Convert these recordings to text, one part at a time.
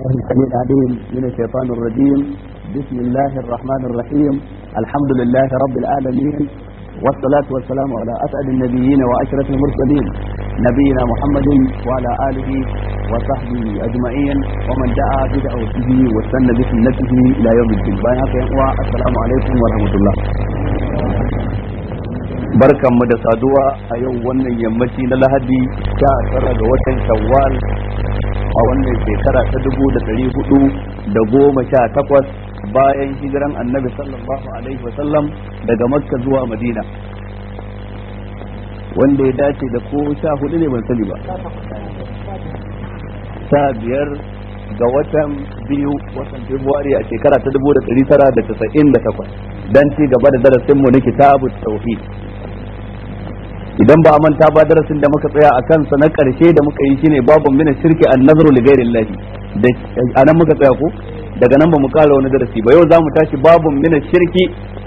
الله السميع العليم من الشيطان الرجيم بسم الله الرحمن الرحيم الحمد لله رب العالمين والصلاة والسلام على أسعد النبيين وأشرف المرسلين نبينا محمد وعلى آله وصحبه أجمعين ومن دعا بدعوته واستنى بسنته إلى يوم الدين السلام عليكم ورحمة الله بركة مدى da saduwa a yau wannan yammaci na lahadi a wannan shekara ta dubu da ɗari hudu da goma sha takwas bayan hijiran annabi sallallahu alaihi wasallam daga makka zuwa madina wanda ya dace da ko sha hudu ne ban sani ba sha biyar ga watan biyu watan februari a shekara ta dubu da ɗari tara da casa'in da takwas don ci gaba da darasinmu na kitabu tauhid idan ba a manta ba darasin da muka tsaya a kansa na karshe da muka yi shine babu mina shirki an nazaru li ghairi a nan muka tsaya ko daga nan ba mu kala wani darasi ba yau za mu tashi babu mina shirki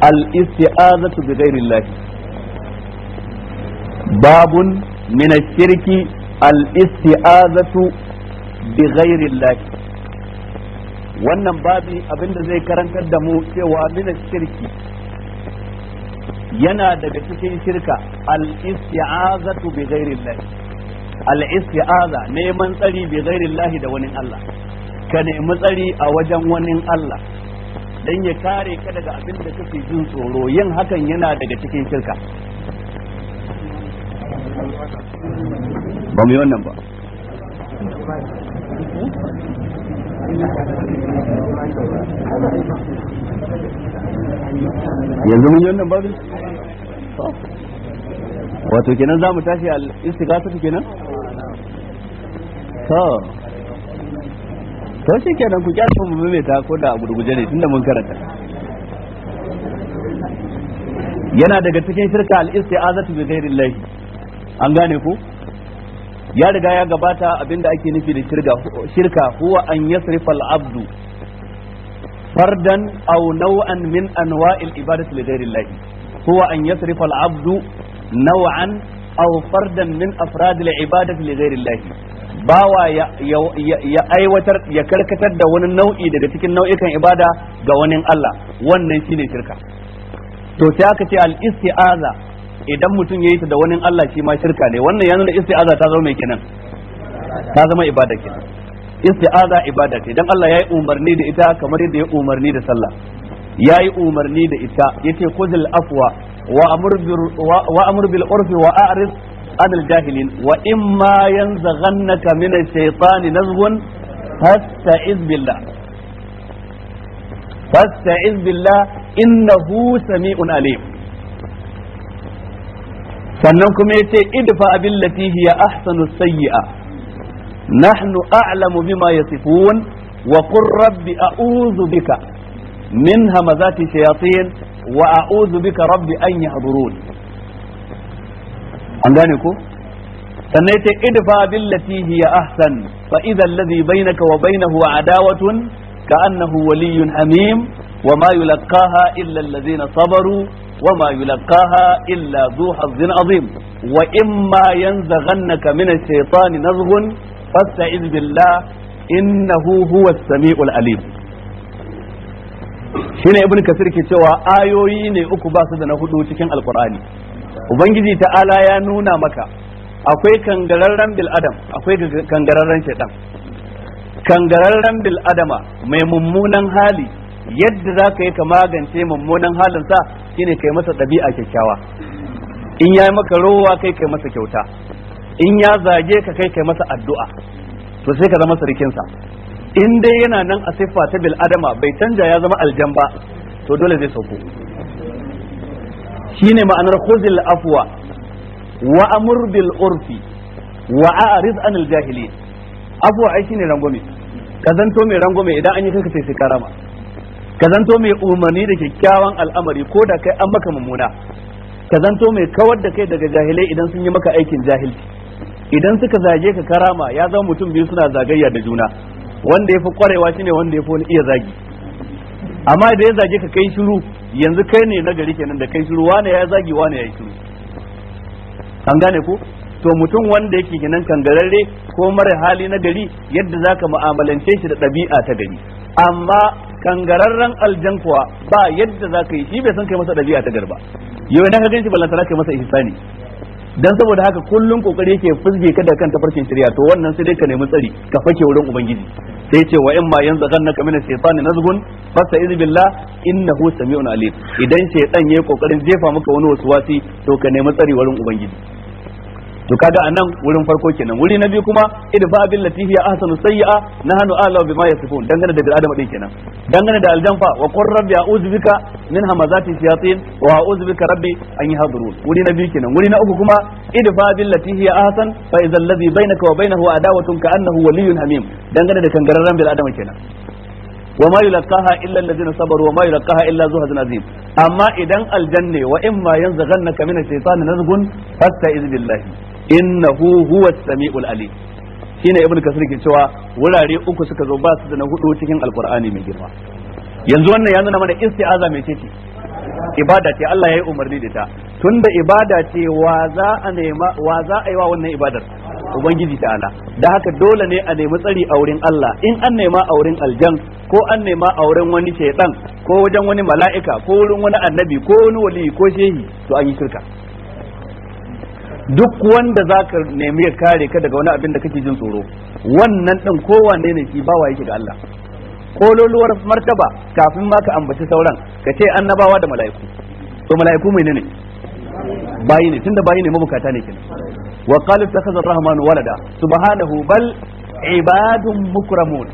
al isti'azatu bi ghairi llahi babun mina shirki al isti'azatu bi ghairi llahi wannan babi abinda zai karantar da mu cewa mina shirki yana daga cikin shirka al-isti'azatu bi ghairillah al-isti'aza neman tsari bi ghairillah da wani Allah ka nemi tsari a wajen wani Allah dan ya kare ka daga abin da kake jin tsoro yin hakan yana daga cikin shirka ba mu yi wannan ba yanzu mun yi wannan babu wato kenan za mu tashi al istighasatu kenan to to shi kenan ku kyale mu mai ta ko da gurguje ne tunda mun karanta yana daga cikin shirka al isti'azatu bi laifi. an gane ku ya riga ya gabata abinda ake nufi da shirka huwa an yasrifa al abdu fardan aw naw'an min anwa'il ibadati li ghairi Allah huwa an yasrifa al-'abdu naw'an aw fardan min afrad al-ibadati li ghairi Allah bawa ya aiwatar ya karkatar da wani nau'i daga cikin nau'ikan ibada ga wani Allah wannan shine shirka to sai aka ce al-isti'aza idan mutum yayi ta da wani Allah shi ma shirka ne wannan yana da isti'aza ta zama mai kenan ta zama ibada kenan isti'aza ibada ce dan Allah yayi umarni da ita kamar yadda ya umarni da sallah yayi umarni da ita yace kuzil afwa wa amur bil wa amur bil urfi wa a'rid anil jahilin wa imma yanzaghannaka min ash-shaytani nazghun fasta'iz billah fasta'iz billah innahu sami'un alim sannan kuma yace idfa billati hiya ahsanu sayyi'a نحن أعلم بما يصفون وقل رب أعوذ بك من همزات الشياطين وأعوذ بك رب أن يحضرون أنجانكو سنيت ادفع بالتي هي أحسن فإذا الذي بينك وبينه عداوة كأنه ولي حميم وما يلقاها إلا الذين صبروا وما يلقاها إلا ذو حظ عظيم وإما ينزغنك من الشيطان نزغ fasta'iz billah innahu huwa samiul alim shine ibn kasir ke cewa ayoyi ne uku ba su da na hudu cikin alqur'ani ubangiji ta'ala ya nuna maka akwai kangararren bil adam akwai kangararren shaitan kangararren bil adama mai mummunan hali yadda za ka yi ka magance mummunan halin sa shine kai masa ɗabi'a kyakkyawa in yayi maka rowa kai kai masa kyauta in ya zage ka kai kai masa addu'a to sai ka zama sa in dai yana nan a siffa ta bil adama bai canja ya zama aljan ba to dole zai sauko shine ma'anar khuzil afwa wa amur bil urfi wa a'rid anil jahilin afwa ai shine rangwame kazanto mai rangwame idan an yi kanka sai sai karama kazanto mai umarni da kyakkyawan al'amari ko da kai an maka mummuna kazanto mai kawar da kai daga jahilai idan sun yi maka aikin jahilci idan suka zage ka karama ya zama mutum biyu suna zagayya da juna wanda ya fi kwarewa shine wanda ya fi wani iya zagi amma da ya zage ka kai shiru yanzu kai ne nagari kenan da kai shiru wane ya zagi wane ya yi shiru an gane ku? to mutum wanda yake kenan kangararre ko mara hali na gari yadda ka mu'amalance shi da ɗabi'a ta gari amma kangararren aljan kuwa ba yadda za ka yi shi bai san kai masa ɗabi'a ta garba yau na ka shi balantana kai masa ihsani dan saboda haka kullun kokari yake fusge ka da kanta farkin shari'a to wannan sai dai ka nemi tsari ka fake wurin ubangiji sai ce wa in ma yanzu ganna ka mina shaytani nazghun fasta iz billah innahu sami'un alim idan shaytan yayi kokarin jefa maka wani wasuwasi to ka nemi tsari wurin ubangiji to kaga anan wurin farko kenan wuri na biyu kuma fa bil latihi ahsanu sayyi'a nahnu a'la bima yasifun dangane da bil adam din kenan dangane da aljanfa wa qur rabbi a'udhu bika min hamazati shayatin wa a'udhu bika rabbi an yahdurun wuri na biyu kenan wuri na uku kuma idfa bil latihi ahsan fa idza alladhi bainaka wa bainahu adawatun ka annahu waliyyun hamim dangane da kangararren bil adam kenan وما يلقاها الا الذين صبروا وما يلقاها الا ذو حظ عظيم اما اذا الجنه واما ينزغنك من الشيطان نزغ فاستعذ بالله innahu huwa samiul alim shine ibn kasir ke cewa wurare uku suka zo ba su da na hudu cikin alqur'ani mai girma yanzu wannan ya nuna mana isti'aza mai ce ibada ce Allah ya yi umarni da ta tunda ibada ce wa za a nema wa za a yi wa wannan ibadar ubangiji ta ta'ala da haka dole ne a nemi tsari a wurin Allah in an nema a wurin aljan ko an nema a wurin wani shaytan ko wajen wani mala'ika ko wurin wani annabi ko wani wali ko shehi to an yi shirka duk wanda zaka nemi ya kare ka daga wani abin da kake jin tsoro wannan ɗin kowanne ne shi bawa yake ga Allah Ko kololuwar martaba kafin ma ka ambaci sauran ka ce annabawa da mala'iku to mala'iku mai ne? bayi ne tunda bayi ne mabukata ne kenan wa qala takhadha ar-rahman walada subhanahu bal ibadun mukramun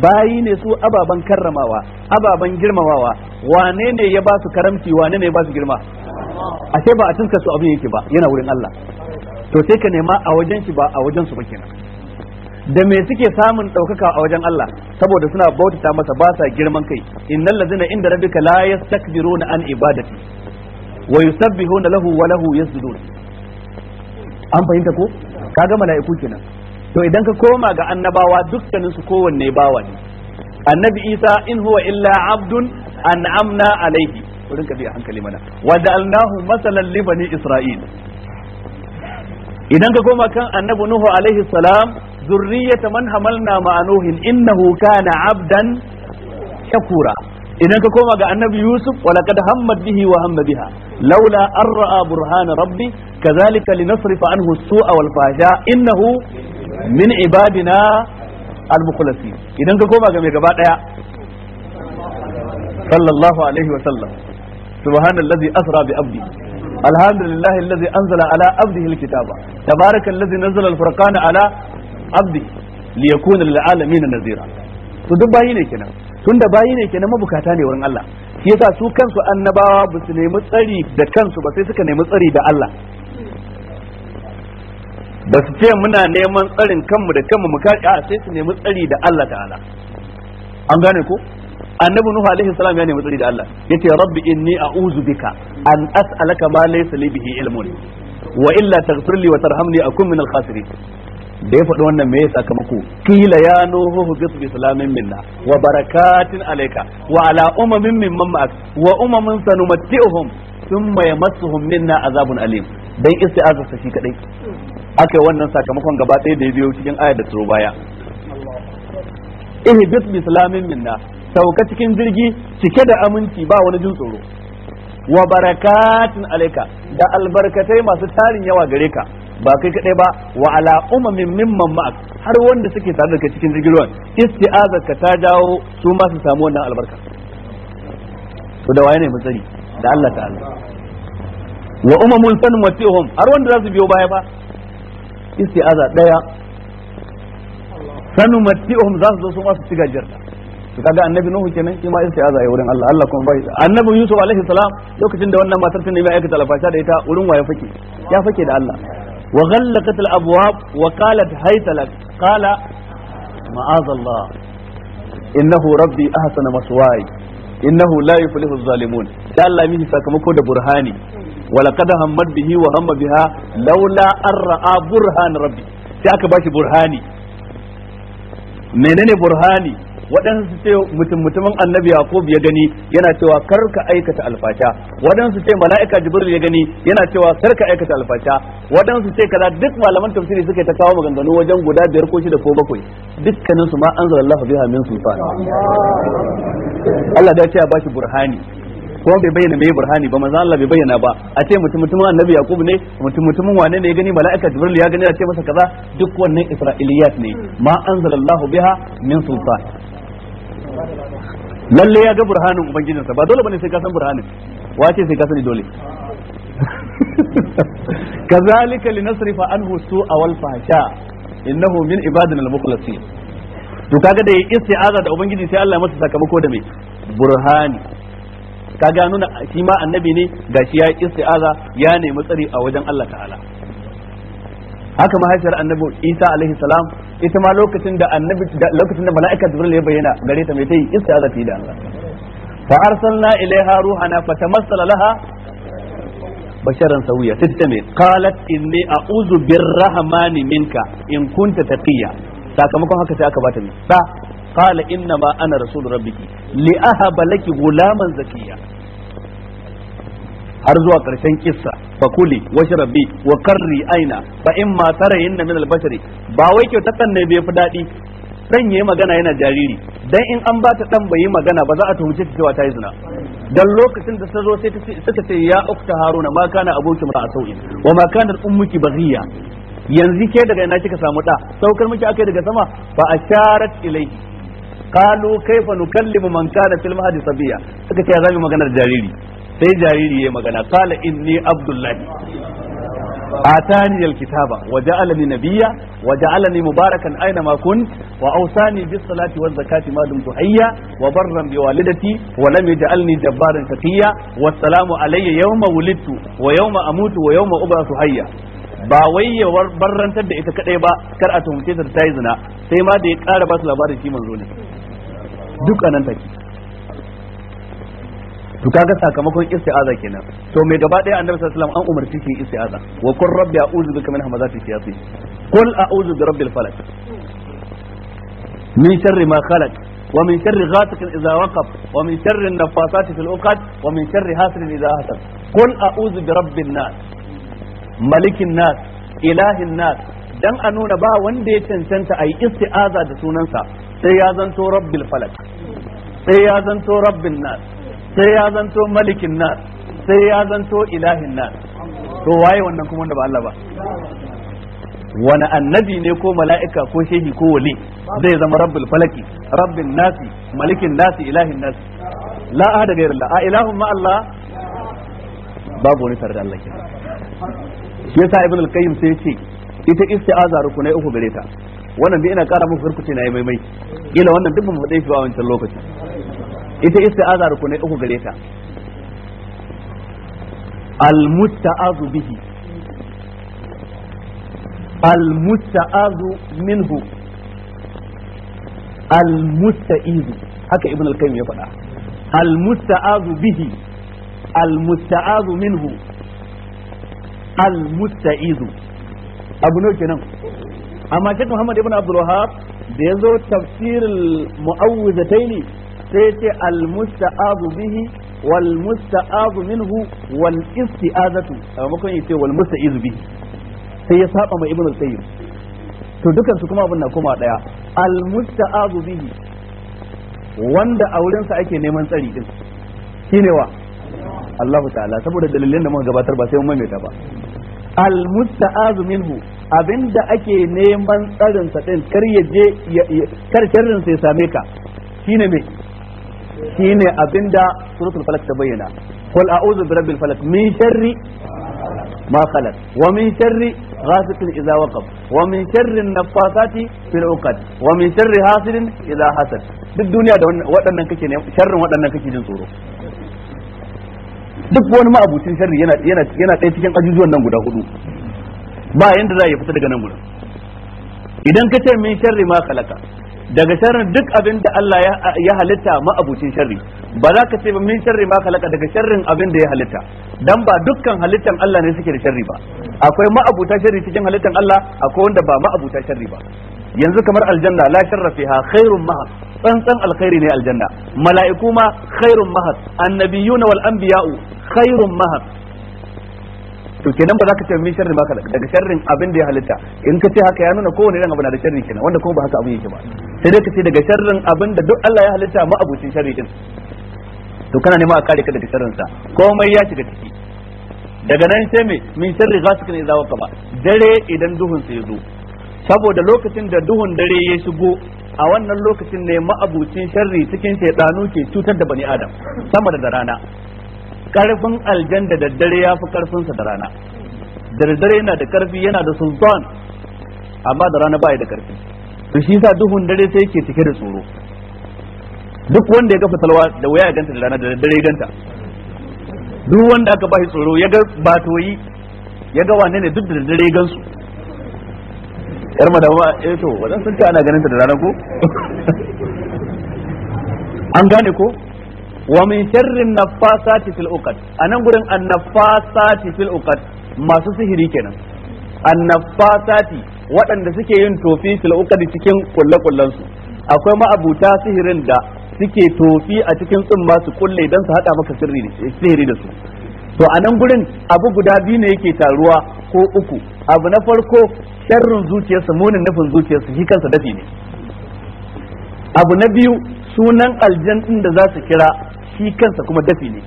bayi ne su ababan karramawa ababan girmamawa wane ne ya ba su karamci wane ne ya ba su girma ashe ba a cinka su abin yake ba yana wurin Allah to sai ka nema a wajen shi ba a wajen su ba kenan da me suke samun ɗaukaka a wajen Allah saboda suna bautata masa ba sa girman kai innal ladzina inda rabbika la yastakbiruna an ibadati wa yusabbihuna lahu wa lahu yasjudun an fahimta ko kaga mala'iku kenan to idan ka koma ga annabawa dukkanin su kowanne bawa ne annabi isa in huwa illa abdun amna alaihi ku rinka bi a hankali mana wa ja'alnahu masalan li bani isra'il idan ka koma kan annabi nuhu alaihi salam zurriyata man hamalna ma'a nuhin innahu kana abdan shakura idan ka koma ga annabi yusuf wa laqad hammat bihi wa hamma biha laula an ra'a burhana rabbi kadhalika linasrifa anhu as-su'a wal fahsha innahu min ibadina al-mukhlasin idan ka koma ga mai gaba daya sallallahu alaihi wa sallam subhanallazi asra bi abdi alhamdulillahi allazi anzala ala abdihi alkitaba tabarakallazi nazzala mabukata ne wurin Allah shi su kansu annabawa ba su nemi da kansu ba sai suka nemi tsari da ce muna neman tsarin kanmu da kanmu mu kare a sai su nemi tsari da Allah an gane ko annabi nuhu alaihi salam ya nemi tsari da Allah yace rabbi inni a'udhu bika an as'alaka ma laysa li bihi ilmun wa illa taghfir li wa tarhamni akun min al-khasirin da ya faɗi wannan me ya sakamako kila ya nuhu bi salamin minna wa barakatin alayka wa ala umamin mimman ma'ak wa umamin sanumatti'uhum thumma yamassuhum minna azabun alim dan isti'azar sa shi kadai aka wannan sakamakon gaba ɗaya da ya biyo cikin ayar da turo baya ihbit bi salamin minna sauka cikin jirgi cike da aminci ba wani jin tsoro wa barakatun alaika da albarkatai masu tarin yawa gare ka ba kai kadai ba wa ala umamin mimman ma'ak har wanda suke tare da kai cikin jirgin ruwan isti'azar ka ta jawo su ma su samu wannan albarka to da waye ne mutsari da Allah ta'ala wa umamul san watihum har wanda za su biyo baya ba isti'aza daya sanu matihum za su zo su ma su ci gajiyar to kaga annabi nuhu kenan shi ma istiaza ya wurin Allah Allah kuma bai annabi yusuf alaihi salam lokacin da wannan matar ta nemi aikata alfasha da ita wurin wa ya fake ya fake da Allah wa ghallaqat al abwab wa qalat haytalak qala ma'azallah innahu rabbi ahsana maswaya innahu la yuflihu zalimun da Allah miji sakamako da burhani ولقد همت به وهم بها لولا أن رأى برهان ربي sai aka bashi burhani menene burhani waɗansu su ce mutum mutumin annabi yaqub ya gani yana cewa kar ka aikata alfasha waɗansu ce mala'ika jibril ya gani yana cewa kar ka aikata alfasha waɗansu ce kaza duk malaman tafsiri suke ta kawo maganganu wajen guda biyar ko shida ko bakwai dukkanin su ma anzalallahu biha min sultan Allah da ya ce a bashi burhani ko bai bayyana mai burhani ba manzo Allah bai bayyana ba a ce mutum mutumin annabi yaqub ne mutum mutumin wane ne ya gani malaika jibril ya gani a ce masa kaza duk wannan isra'iliyat ne ma anzalallahu biha min sultan lalle ya ga burhanin ubangijinsa ba dole bane sai ka san burhanin wace sai ka sani dole kazalika linasrifa anhu su'a wal fahsha innahu min ibadina al mukhlasin to kaga da isti'aza da ubangiji sai Allah masa sakamako da me burhani kaga nuna shi ma annabi ne gashi ya isti'aza ya nemi tsari a wajen Allah ta'ala haka mahaifiyar annabi Isa alaihi salam ita ma lokacin da annabi lokacin da mala'ika jibril ya bayyana gare ta mai tayi istiaza ta da Allah fa arsalna ilaiha ruhana fatamassala laha basharan sawiya tattame qalat inni a'udhu birrahmani minka in kunta taqiya sakamakon haka sai aka bata ne sa qala inna ma ana rasul rabbiki li ahaba laki gulaman zakiya har zuwa karshen kissa fa kuli washrabi wa qarri aina fa in ma tarayin min al ba wai kyautatan ne bai fi dadi dan yayi magana yana jariri dan in an bata dan bai yi magana ba za a tuhuce ta cewa ta yi zina dan lokacin da ta zo sai ta ce ya ukta haruna ma kana aboki ma asauin wa ma kana ummuki baghiya yanzu ke daga ina kika samu da saukar miki akai daga sama fa asharat ilayhi qalu kaifa nukallimu man kana fil mahdi sabiya suka ce ya magana maganar jariri sai jariri ya magana kala inni abdullahi atani alkitaba wa ja'alani nabiyya wa ja'alani mubarakan aina ma kun wa awsani bis salati waz zakati ma dumtu hayya wa barran bi walidati wa lam yaj'alni jabbaran shaqiyya wa assalamu alayya yawma wulidtu wa yawma amutu wa yawma ubathu hayya ba wai ya barrantar da ita kadai ba kar a tumce ta ta yi zina sai ma da ya kara ba labarin shi manzo ne duk anan take to kaga sakamakon isti'aza kenan to mai gaba daya annabi sallallahu alaihi wasallam an umarci shi isti'aza wa qur rabbi a'udhu bika min hamazati shayatin qul a'udhu bi rabbil falaq min sharri ma khalaq wa min sharri ghasiqin idza waqab wa min sharri an-naffasati fil 'uqad wa min sharri hasidin idza hasad qul a'udhu bi rabbin nas malikin nas ilahin nas dan a nuna ba wanda ya cancanta ayi isti'aza da sunansa sai ya zanto rabbil falaq sai ya zanto rabbin nas sai ya zanto malikin nan, sai ya zanto ilahin nan, to waye wannan kuma wanda ba Allah ba wani annabi ne ko mala'ika ko shehi ko wali zai zama rabbul falaki rabbin nasi malikin nasi ilahin nasi la ahada ghayr Allah a ilahun ma Allah babu wani tare da Allah kenan yasa ibn al-qayyim sai ce ita isti'aza rukunai uku gare ta wannan bi ina ƙara muku farkuce na yi maimai ila wannan duk mu faɗe shi ba wancan lokaci ita isti'aza rukunai uku gare ta al-musta'azu bihi al-musta'azu minhu al-musta'izu haka ibn al-qayyim ya faɗa al-musta'azu bihi al-musta'azu minhu al-musta'izu abu ne kenan amma Sheikh Muhammad ibn Abdul Wahhab da yazo tafsirul mu'awwizataini sai ce almusta'azu bihi wal musta'azu minhu wal isti'azatu a maimakon yace wal musta'izu bihi sai ya saba ma ibnu sayyid to dukan su kuma abin na kuma daya al musta'azu bihi wanda a wurin sa ake neman tsari din shine wa Allahu ta'ala saboda dalilin da muka gabatar ba sai mun maimaita ba al musta'azu minhu abinda ake neman tsarin sa din kar ya je kar sharrin ya same ka shine me shine abinda suratul falak ta bayyana qul a'udhu bi rabbil falak min sharri ma khalaq wa min sharri ghasiqin idha waqab wa min sharri an-naffasati fil 'uqad wa min sharri hasidin idha hasad duk duniya da waɗannan kake ne sharrin waɗannan kake jin tsoro duk wani ma'abucin sharri yana yana yana ɗaya cikin ajujuwan nan guda hudu ba yanda za ya fita daga nan gurin idan ka ce min sharri ma khalaqa daga sharrin duk abin da Allah ya halitta ma'abucin sharri ba za ka ce ba min sharri ma khalaqa daga sharrin abin da ya halitta dan ba dukkan halittan Allah ne suke da sharri ba akwai ma'abuta sharri cikin halittan Allah akwai wanda ba ma'abuta sharri ba yanzu kamar aljanna la sharra fiha khairun mahas tsantsan alkhairi ne aljanna mala'iku ma khairun mahas annabiyuna wal anbiya'u khairun mahas to kenan ba za ka ce min sharrin ba daga sharrin abin da ya halitta in ka ce haka ya nuna kowane irin abu na da sharri kenan wanda kuma ba haka abin yake ba sai dai ka ce daga sharrin abin da duk Allah ya halitta ma abucin sharri din to kana nema a kare ka daga sharrin sa komai ya shiga ciki daga nan sai me min sharri ghasikin zawo kaba dare idan duhun sa ya zo saboda lokacin da duhun dare ya shigo a wannan lokacin ne ma'abucin sharri cikin shaidanu ke cutar da bani adam sama da rana karfin aljan da daddare ya fi karfinsa da rana daddare yana da karfi yana da sultan amma da rana baya da karfi to shi sa duhun dare sai yake cike da tsoro duk wanda ya ga fatalwa da waya ya ganta da rana da daddare ya ganta duk wanda aka bashi tsoro ya ga batoyi ya ga wane ne duk da daddare ya gansu yar madama eh to wadan sun ce ana ganin ta da rana ko an gane ko wa min sharri nafasati fil uqad anan gurin annafasati fil uqad masu sihiri kenan annafasati waɗanda suke yin tofi fil uqad cikin kule su akwai ma'abuta sihirin da suke tofi a cikin tsumma su kulle dan su hada maka sirri sihiri da su to a nan gurin abu guda biyu ne yake taruwa ko uku abu na farko sharrin zuciyarsa munin nufin zuciyarsa shi kansa dafi ne abu na biyu sunan aljan din da za su kira shi kansa kuma dafi ne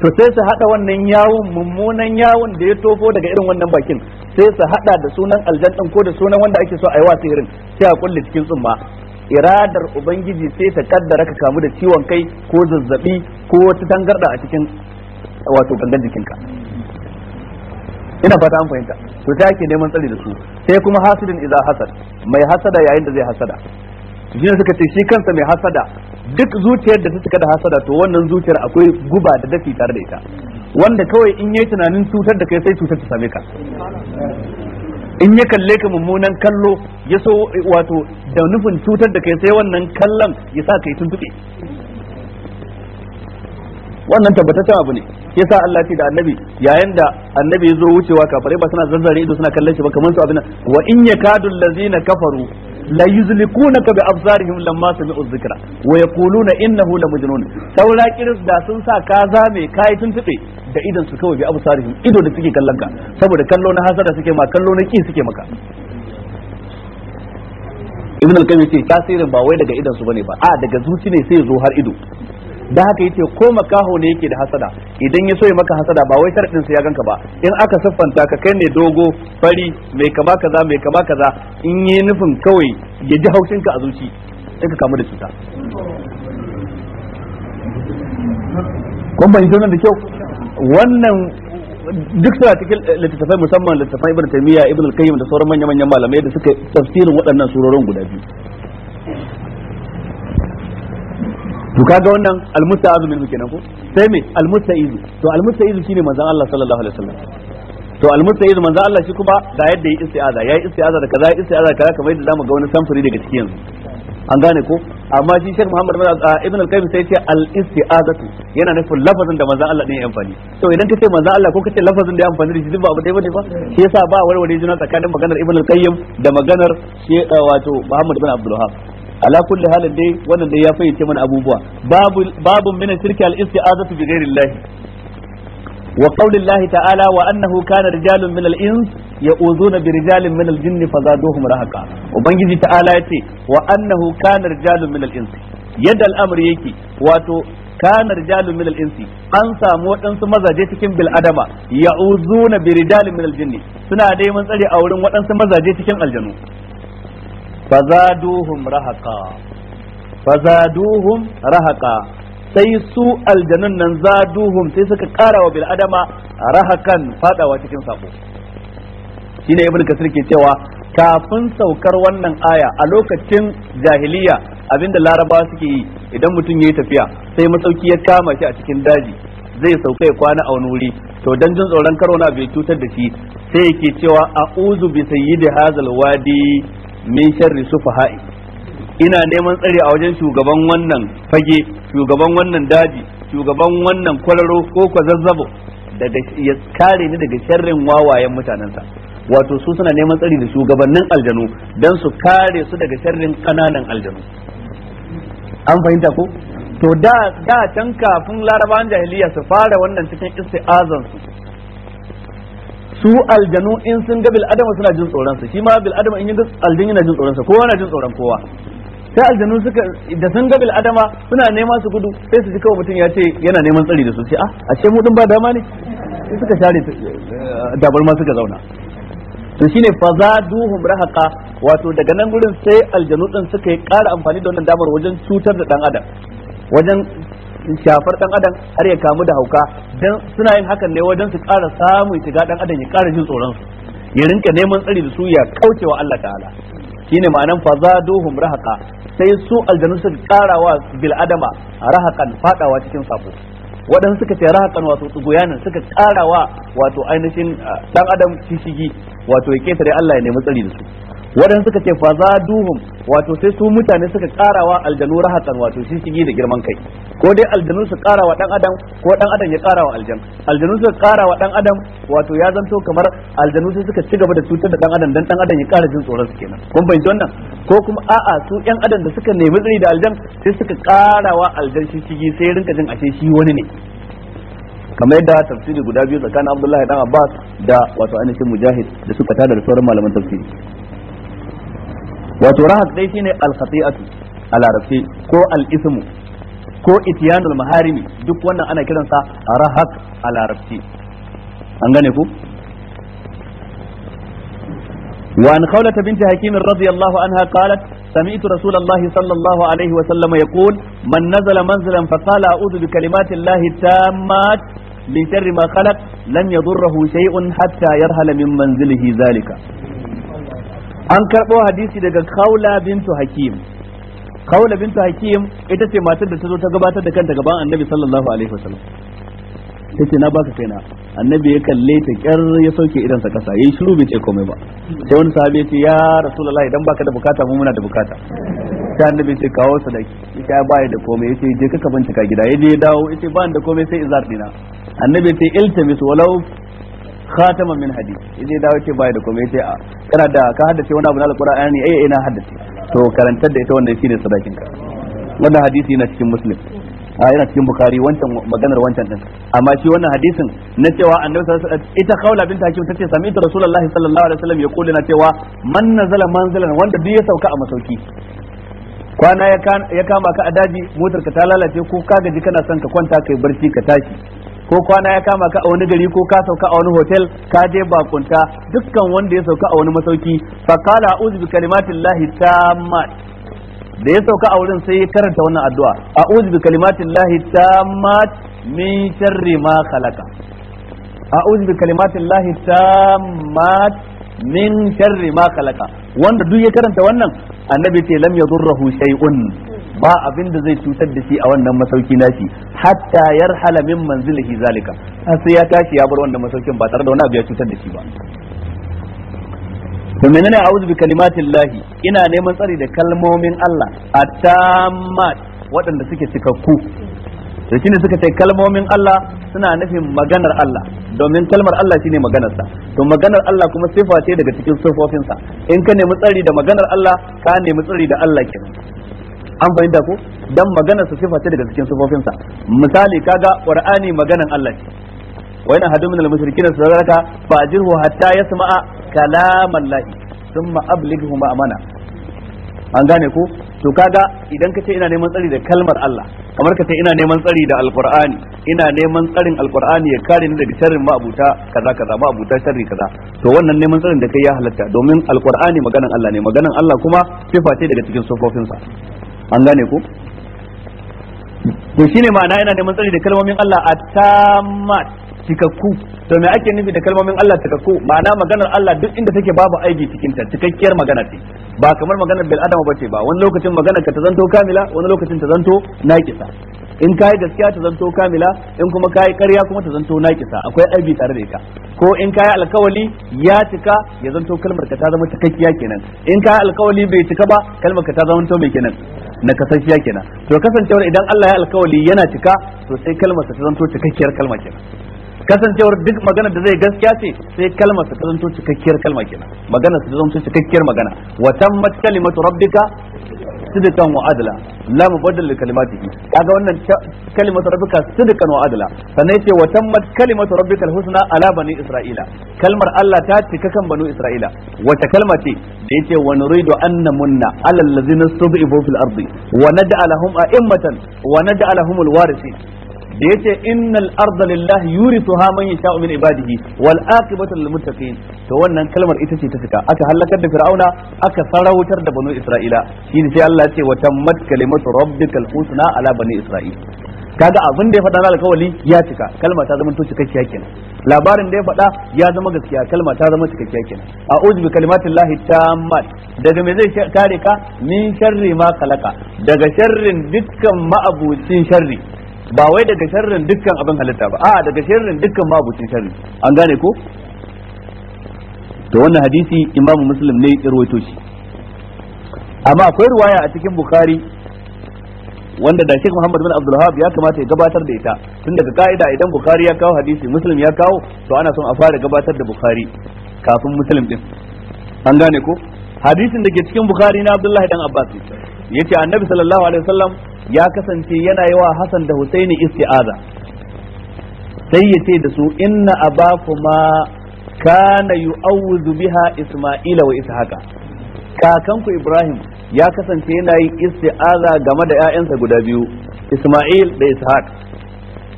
to sai su hada wannan yawon mummunan yawon da ya tofo daga irin wannan bakin sai su hada da sunan din ko da sunan wanda ake so a yi wa irin sai a kulle cikin tsumma iradar ubangiji sai ta kaddara ka kamu da ciwon kai ko zazzabi ko wata tangarda a cikin wato gangan jikinka ina fata an fahimta to sai ake neman tsari da su sai kuma hasidin idza hasad mai hasada yayin da zai hasada shi suka ce shi kansa mai hasada duk zuciyar da ta cika da hasada to wannan zuciyar akwai guba da dafi tare da ita wanda kawai in yayi tunanin cutar da kai sai cutar ta same ka in ya kalle ka mummunan kallo ya so wato da nufin cutar da kai sai wannan kallon ya sa kai tuntube wannan tabbataccen abu ne ke sa Allah ce da annabi yayin da annabi ya zo wucewa kafare ba suna zanzare ido suna kallon shi ba kamar su abin wa in yakadu allazina kafaru la yuzlikunaka bi absarihim lamma sami'u dhikra wa yaquluna innahu la majnun saura kiris da sun sa ka zame kai tuntube da idan su kawai bi absarihim ido da suke kallon ka saboda kallo na hasada suke ma kallo na ki suke maka ibn al-qayyim ce tasirin ba wai daga idan su bane ba a daga zuci ne sai zo har ido da haka yace ko makaho ne yake da hasada idan ya so ya maka hasada ba wai sharadin sa ya ganka ba in aka siffanta ka kai ne dogo fari mai kama kaza mai kama kaza in yi nufin kawai ya ji haushin ka a zuci sai ka kamu da cuta kun fahimci nan da kyau wannan duk suna cikin littattafai musamman littattafai ibn taymiya ibn al-qayyim da sauran manya manyan malamai da suka tafsirin waɗannan surorin guda biyu to kaga wannan almusta'izu min kenan ko sai me almusta'izu to almusta'izu shine manzon Allah sallallahu alaihi wasallam to almusta'izu manzon Allah shi kuma ga yadda yayi isti'aza yayi isti'aza da kaza yayi isti'aza kaza kamar yadda zamu ga wani samfuri daga cikin yanzu an gane ko amma shi Sheikh Muhammad ah, Ibn al-Qayyim sai ce al-isti'azatu yana nufin lafazin da manzon Allah ne ya amfani to idan kace manzon Allah ko kace lafazin da ya amfani da shi duk ba abu dai bane ba shi yasa ba warware juna tsakanin maganar Ibn al-Qayyim da maganar eh, wato Muhammad bin Abdul Wahhab ala kulli halin dai wannan dai ya fayyace mana abubuwa babu babun min shirki al isti'azatu bi ghairi Allah wa qawli Allah ta'ala wa annahu kana rijalun min al ins ya'uzuna bi rijalin min al jinni fazaduhum rahaqa ubangiji ta'ala yace wa annahu kana rijalun min al ins yadda al'amari yake wato kana rijalun min al-insi an samu waɗansu mazaje cikin bil adama ya'uzuna bi rijalin min al-jinni suna neman tsare a wurin waɗansu mazaje cikin aljanu فزادوهم رهقا sai su aljanun nan zaduhum sai suka ƙara wa bil'adama rahakan fadawa cikin sako shine ibn kasir ke cewa kafin saukar wannan aya a lokacin jahiliya abinda larabawa suke yi idan mutum ya yi tafiya sai masauki ya kama shi a cikin daji zai sauka ya kwana a wani wuri to dan jin tsoron karo na bai cutar da shi sai yake cewa a'udhu bi sayyidi hazal wadi min sharri sufaha'i ina neman tsare a wajen shugaban wannan fage shugaban wannan daji shugaban wannan kwararo ko kwazazzabo daga ya kare ni daga sharrin wawayen mutanensa wato su suna neman tsari da shugabannin aljanu dan su kare su daga sharrin kananan aljanu an fahimta ko to da da can kafin larabawan jahiliya su fara wannan cikin isti'azan su su aljanu in sun ga bil adama suna jin tsoron su shi ma bil adama in ga aljin yana jin tsoron sa kowa na jin tsoron kowa sai aljanu suka da sun ga bil adama suna nema su gudu sai su ji kawai mutum ya ce yana neman tsari da su sai ah ashe mu din ba dama ne sai suka share dabar eh, ma suka zauna to shine fa zaduhum rahaqa wato daga nan gurin sai aljanu din suka yi ƙara amfani da wannan damar wajen cutar da dan adam wajen shafar dan adam har ya kamu da hauka dan suna yin hakan ne wajen su ƙara samun shiga dan adam ya ƙara jin tsoron su ya rinka neman tsari da su ya kaucewa Allah ta'ala shine ma'anan fazaduhum rahaqa sai su aljanu suka wa bil adama rahaqan fadawa cikin sabo waɗansu suka ce rahakan wato tsuguyanin suka wa wato ainihin dan ah, adam shishigi wato ya ketare Allah ya nemi tsari da su wadanda suka ce duhun, wato sai su mutane suka karawa aljanu rahatan wato shi shige da girman kai ko dai aljanu su karawa dan adam ko dan adam ya karawa aljan aljanu suka karawa dan adam wato ya zanto kamar aljanu sai suka ci gaba da cutar da dan adam dan dan adam ya kara jin tsoron su kenan kun bai nan? ko kuma a'a su yan adam da suka nemi tsiri da aljan sai suka karawa aljan shi shige sai rinka jin ashe shi wani ne kamar yadda tafsiri guda biyu tsakanin Abdullahi dan Abbas da wato ainihin Mujahid da suka tada da sauran malaman tafsiri wato rahaq dai shine al khati'atu al arfi ko al ismu ko ityanul maharimi duk wannan ana kiran sa rahaq al arfi an gane ku wa an qawlat binti hakim radiyallahu anha qalat سمعت رسول الله صلى الله عليه وسلم يقول من نزل منزلا فقال أعوذ بكلمات الله التامات من شر ما خلق لن يضره شيء حتى يرحل من منزله ذلك an karɓo hadisi daga Kaula bintu hakim Kaula bintu hakim ita ce matar da ta zo ta gabatar da kanta gaban annabi sallallahu alaihi wasallam ta ce na baka kaina annabi ya kalle ta kyar ya sauke idansa kasa yayi shiru bai ce komai ba sai wani sahabi ya ce ya rasulullahi idan baka da bukata mu muna da bukata sai annabi ce kawo sadaki yace ya bai da komai yace je ka bincika gida yaje ya dawo yace ba da komai sai izar dina annabi ce iltamis walau khataman min hadith idan dawo ce bai da komai sai a ah, kana da ka haddace wani abu na alqur'ani eh ina eh, haddace to karantar da ita yake da sadakin ka wannan hadisi yana cikin muslim a ah, yana cikin bukari wancan maganar wancan din amma shi wannan hadisin na cewa annabi sallallahu alaihi wasallam ita kaula binta hakim tace ta rasulullahi sallallahu alaihi wasallam kula na cewa man nazala manzalan wanda duk ya sauka a masauki kwana ya kama ka a daji motar ka ta lalace ko ka gaji kana son ka kwanta kai barci ka tashi ko kwana ya kama ka a wani gari ko ka sauka a wani hotel ka je bakunta dukkan wanda ya sauka a wani masauki fa qala a'udhu bi kalimatillahi tammat da ya sauka a wurin sai ya karanta wannan addu'a a'udhu bi kalimatillahi tammat min sharri ma khalaqa a'udhu bi kalimatillahi tammat min sharri ma khalaqa wanda duk ya karanta wannan annabi ce lam yadurruhu shay'un ba abin da zai cutar da shi a wannan masauki nashi hatta yarhala min manzilihi zalika sai ya tashi ya bar wannan masaukin ba tare da wani abu ya cutar da shi ba to menene a'udhu bi kalimatillahi ina neman tsari da kalmomin Allah atammat waɗanda suke cikakku to shine suka ce kalmomin Allah suna nufin maganar Allah domin kalmar Allah shine maganar sa to maganar Allah kuma sifa ce daga cikin sa in ka nemi tsari da maganar Allah ka nemi tsari da Allah kenan an fahimta ko dan magana su sifa ce daga cikin sifofin sa misali kaga qur'ani maganan Allah ce wa in min al mushrikin sadaraka fa ajirhu hatta yasma'a kalam Allah thumma ablighu ma'amana an gane ko to kaga idan ka ce ina neman tsari da kalmar Allah kamar ka ce ina neman tsari da alqur'ani ina neman tsarin alqur'ani ya kare ni daga sharrin ma'abuta kaza kaza ma'abuta sharri kaza to wannan neman tsarin da kai ya halatta domin alqur'ani maganan Allah ne maganan Allah kuma sifa ce daga cikin sa an gane ko to shine ma'ana yana neman tsari da kalmomin Allah a tammat cikakku to me ake nufi da kalmomin Allah cikakku ma'ana maganar Allah duk inda take babu aiki cikin ta cikakkiyar magana ce ba kamar maganar bil adama bace ba wani lokacin maganar ka ta zanto kamila wani lokacin ta zanto naqisa in kai gaskiya ta zanto kamila in kuma kai ƙarya kuma ta zanto naqisa akwai aibi tare da ita ko in kai alkawali ya cika ya zanto kalmar ka ta zama cikakkiya kenan in kai alkawali bai cika ba kalmar ka ta zama to mai kenan na kasanciya kenan to kasancewar idan Allah ya alkawali yana cika to sai kalmar ta zanto cikakkiyar kalma kenan kasancewar duk magana da zai gaskiya ce sai kalmar ta zanto cikakkiyar kalma kenan maganar ta zanto cikakkiyar magana wa tammat kalimatu rabbika sidqan wa adla la mubaddal li kalimatihi kaga wannan kalimatu rabbika sidikan wa adla sannan yace wa tammat kalimatu rabbika husna ala bani isra'ila kalmar Allah ta cika kan banu isra'ila wata kalma ce da yace wa nuridu an munna ala allazina stud'ifu fil ardi wa naj'alahum a'immatan wa naj'alahum alwarisin da ce innal arda lillahi yurithuha man yasha'u min ibadihi wal aqibatu lil muttaqin to wannan kalmar ita ce ta cika aka halakar da fir'auna aka sarautar da banu isra'ila shine sai Allah ya ce wa tammat kalimatu rabbikal husna ala bani isra'il kaga abin da ya faɗa na alkawali ya cika kalma ta zama cikakkiya kenan labarin da ya faɗa ya zama gaskiya kalma ta zama cikakkiya kenan a'udhu bi kalimatillahi tammat daga me zai kare ka min sharri ma kalaka daga sharrin dukkan ma'abucin sharri ba wai daga sharrin dukkan abin halitta ba a daga sharrin dukkan ma abucin sharri an gane ko to wannan hadisi imamu muslim ne ya rawaito shi amma akwai ruwaya a cikin bukhari wanda da Sheikh Muhammad bin Abdul Wahab ya kamata ya gabatar da ita tun daga ka'ida idan Bukhari ya kawo hadisi Muslim ya kawo to ana son a fara gabatar da Bukhari kafin Muslim din an gane ko hadisin da ke cikin Bukhari na Abdullahi dan Abbas yace annabi sallallahu alaihi wasallam ya kasance yana yawa Hassan da Husaini isti'aza sai yace da su inna abakuma kana yu'awwizu biha Isma'ila wa Ishaqa kakanku Ibrahim ya kasance yana yi isti'aza game da ƴaƴansa guda biyu Isma'il da Ishaq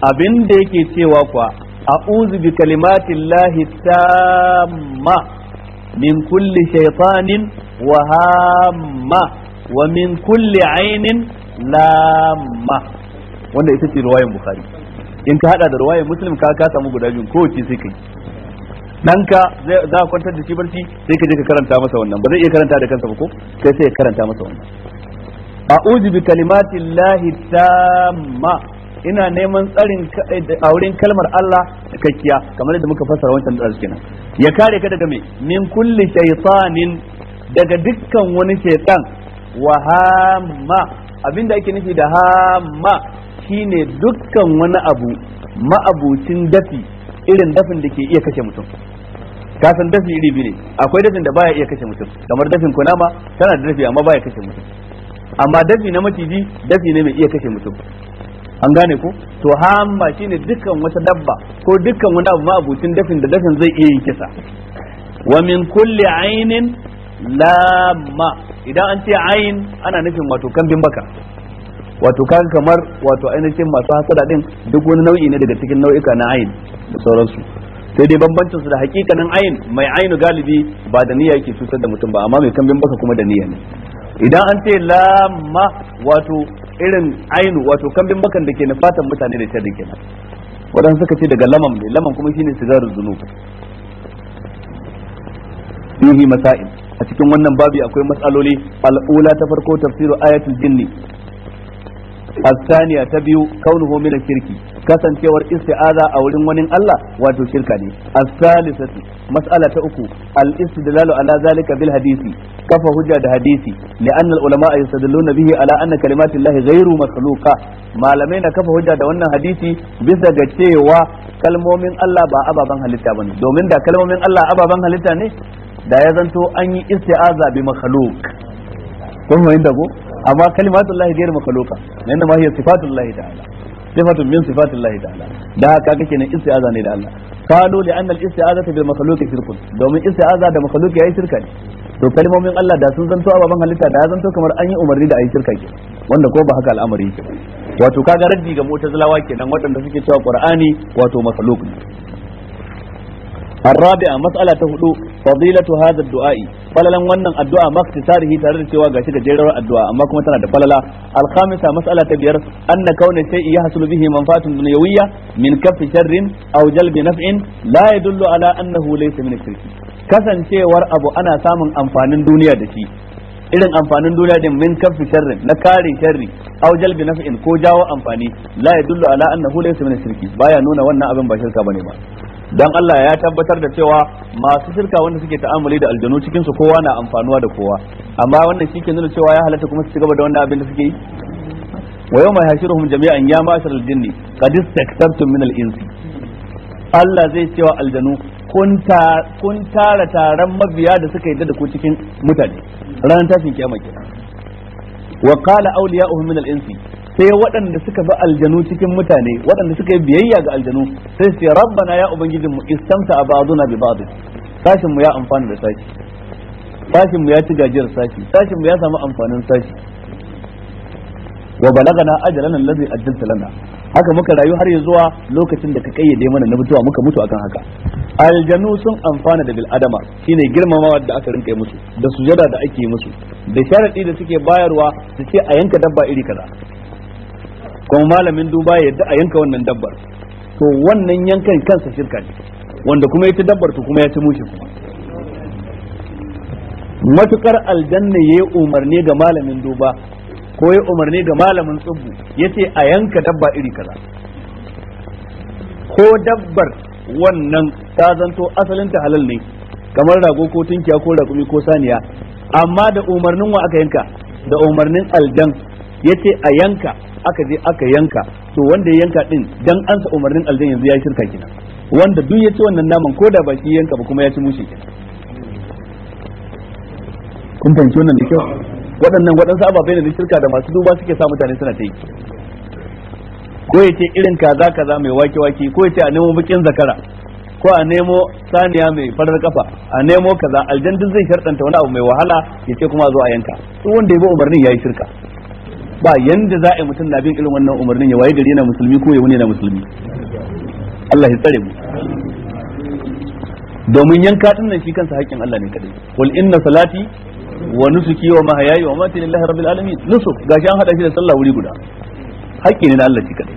abin da yake cewa kuwa a'udhu bi kalimatillahi tamma min kulli shaytanin wa hamma wa min kulle ainin lama. wanda ita ce riwayar bukhari in ka hada da riwayar muslim ka ka samu guda biyu kowace sai kai danka za a kwantar da shi barci sai ka je ka karanta masa wannan ba zai iya karanta da kansa ba ko sai ya karanta masa wannan a'udhu bi kalimati llahi tamma ina neman tsarin eh, a wurin kalmar Allah da kakkiya kamar yadda muka fassara wancan da ya kare ka daga me min kulli daga dukkan wani shaiɗan. wa hamma abinda ake nufi da hamma shine dukkan wani abu ma'abucin dafi irin dafin da ke iya kashe mutum ka dafi iri biyu ne akwai dafin da baya iya kashe mutum kamar dafin kunama tana da dafi amma baya kashe mutum amma dafi na maciji dafi ne mai iya kashe mutum an gane ko to hamma shine dukkan wata dabba ko dukkan wani abu ma'abucin dafin da dafin zai iya yin kisa wa min kulli ainin lamma idan an ce ayin ana nufin wato kambin baka wato kan kamar wato ainihin masu hasada din duk wani nau'i ne daga cikin nau'ika na ayin da sauransu sai dai bambancin su da hakikanin ayin mai ainu galibi ba da niyya yake cutar da mutum ba amma mai kambin baka kuma da niyya ne idan an ce lamma wato irin ainu wato kambin bakan da ke na fatan mutane da sharri kenan wadansu suka ce daga lamam ne lamam kuma shine sigarar zunub fihi masail a cikin wannan babi akwai matsaloli al'ula ta farko tafsiru ayatul jinni الثانية تبيو كونه من الشرك كسن تيور استعاذة أو لنون الله واتو شركة دي الثالثة مسألة أكو الاستدلال على ذلك بالحديث كف هجة حديث لأن العلماء يستدلون به على أن كلمات الله غير مخلوقة ما لمين كف هجة دون حديث بس جتشي و كلمة من الله با أبا بان حلتا بني دومين دا كلمة من الله أبا بان حلتا ني da ya zanto an yi isti'aza bi makhluq kun fahimta ko amma kalimatullahi ghayr makhluqa nan ma hiya sifatullahi ta'ala sifatun min sifatullahi ta'ala da haka kake nan isti'aza ne da Allah qalu li anna al-isti'azata bil makhluq shirkun domin isti'aza da makhluq yayi shirka ne to kalmomin Allah da sun zanto ababan halitta da ya zanto kamar an yi umarni da ayi shirka ke wanda ko ba haka al'amari yake wato kaga raddi ga mu'tazilawa kenan waɗanda suke cewa qur'ani wato makhluq ne الرابعة مسألة هدوء fadilatu hadha du'a'i falalan wannan addu'a maqtisarihi tare da cewa gashi gajerar addu'a amma kuma tana da falala al-khamisa mas'ala ta biyar anna kauna shay'i yahsulu bihi manfaatun dunyawiyya min kaffi sharrin aw jalbi naf'in la yadullu ala annahu laysa min shirki kasancewar abu ana samun amfanin duniya da shi irin amfanin duniya din min kaffi sharrin na kare sharri aw jalbi naf'in ko jawo amfani la yadullu ala annahu laysa min shirki baya nuna wannan abin ba shirka bane ba dan Allah ya tabbatar da cewa masu shirka wanda suke ta'amuli da aljanu cikin su kowa na amfanuwa da kowa amma wannan shi ke nuna cewa ya halatta kuma su ci gaba da wannan abin da suke yi wa yawma yashiruhum jami'an ya ma'sharal jinni qad istaktartum min al ins Allah zai cewa aljanu kun tara taran mabiya da suka yadda da ku cikin mutane ranar tashin kiyama kenan wa qala awliya'uhum min al-insi sai waɗanda suka bi aljanu cikin mutane waɗanda suka yi biyayya ga aljanu sai su rabbana ya ubangijinmu istamta a ba'duna bi ba'd sashin mu ya amfana da sashi sashin mu ya ci gajiyar sashi sashin mu ya samu amfanin sashi wa balagana ajalan allazi ajjalta lana haka muka rayu har ya zuwa lokacin da ka kayyade mana na mutuwa muka mutu akan haka aljanu sun amfana da bil'adama. adama shine girmamawa da aka rinka musu da sujada da ake yi musu da sharadi da suke bayarwa su ce a yanka dabba iri kaza kuma malamin duba ya yadda a yanka wannan dabbar to wannan yankan kansa shirka ne wanda kuma ya ci dabbar to kuma ya ci mushi kuma matukar aljanna ya yi umarni ga malamin duba ko ya umarni ga malamin tsubu ya ce a yanka dabba iri kaza ko dabbar wannan ta zanto asalinta halal ne kamar rago ko tunkiya ko rakumi ko saniya amma da umarnin wa aka yanka da umarnin aljan ya ce a yanka aka je aka yanka to wanda ya yanka din dan ansa umarnin aljan yanzu ya shirka kina wanda duk ya ci wannan naman ko da ba shi yanka ba kuma ya ci mushi kina kun fahimci wannan da kyau waɗannan waɗansu ababai da shirka da masu duba suke sa mutane suna ta yi ko ya ce irin kaza kaza mai wake wake ko ya ce a nemo bakin zakara ko a nemo saniya mai farar kafa a nemo kaza aljan duk zai sharɗanta wani abu mai wahala ya ce kuma zo a yanka duk wanda ya bi umarnin ya yi shirka ba yanda za a yi mutum na bin irin wannan umarnin ya waye gari na musulmi ko ya wani na musulmi Allah ya tsare mu domin yanka din nan shi kansa haƙƙin Allah ne kadai wal inna salati wa nusuki wa mahayaya wa mamati lillahi rabbil alamin nusuk gashi an hada shi da sallah wuri guda haƙƙi ne na Allah shi kadai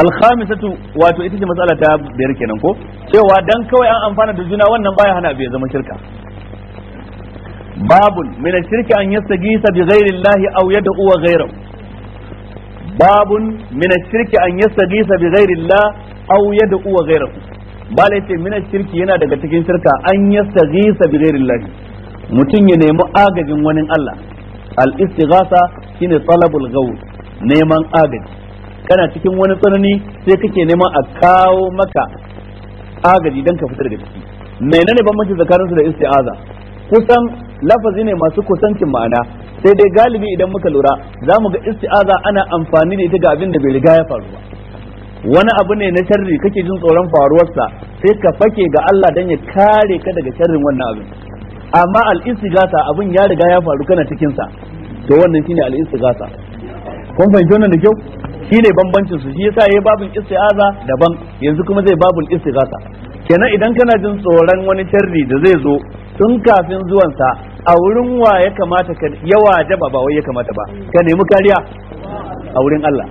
al-khamisatu wato ita ce matsala ta biyar kenan ko cewa dan kawai an amfana da juna wannan baya hana bai zama shirka babun min shirki an yastagisa bi ghairi Allah aw yad'u ghayrahu babun min shirki an yastagisa bi ghairi Allah aw yad'u ghayrahu bala ce min shirki yana daga cikin shirka an yastagisa bi ghairi Allah mutum ya nemi agajin wani Allah al istighasa shine talabul ghawth neman agaji kana cikin wani tsanani sai kake neman a kawo maka agaji dan ka fita da ciki menene bambanci tsakaninsu da isti'aza kusan lafazi ne masu kusancin ma'ana sai dai galibi idan muka lura za mu ga isti'aza ana amfani da ita ga abin da bai riga ya faru ba wani abu ne na sharri kake jin tsoron faruwarsa sai ka fake ga Allah dan ya kare ka daga sharrin wannan abin amma al-istighatha abin ya riga ya faru kana cikin sa to wannan shine al-istighatha kun fahimci wannan da kyau shine bambancin su shi yasa yayi babin isti'aza daban yanzu kuma zai babul istighatha kenan idan kana jin tsoron wani sharri da zai zo tun kafin zuwansa a wurin wa ya kamata ka yawa jaba ba wai ya kamata ba ka nemi kariya a wurin Allah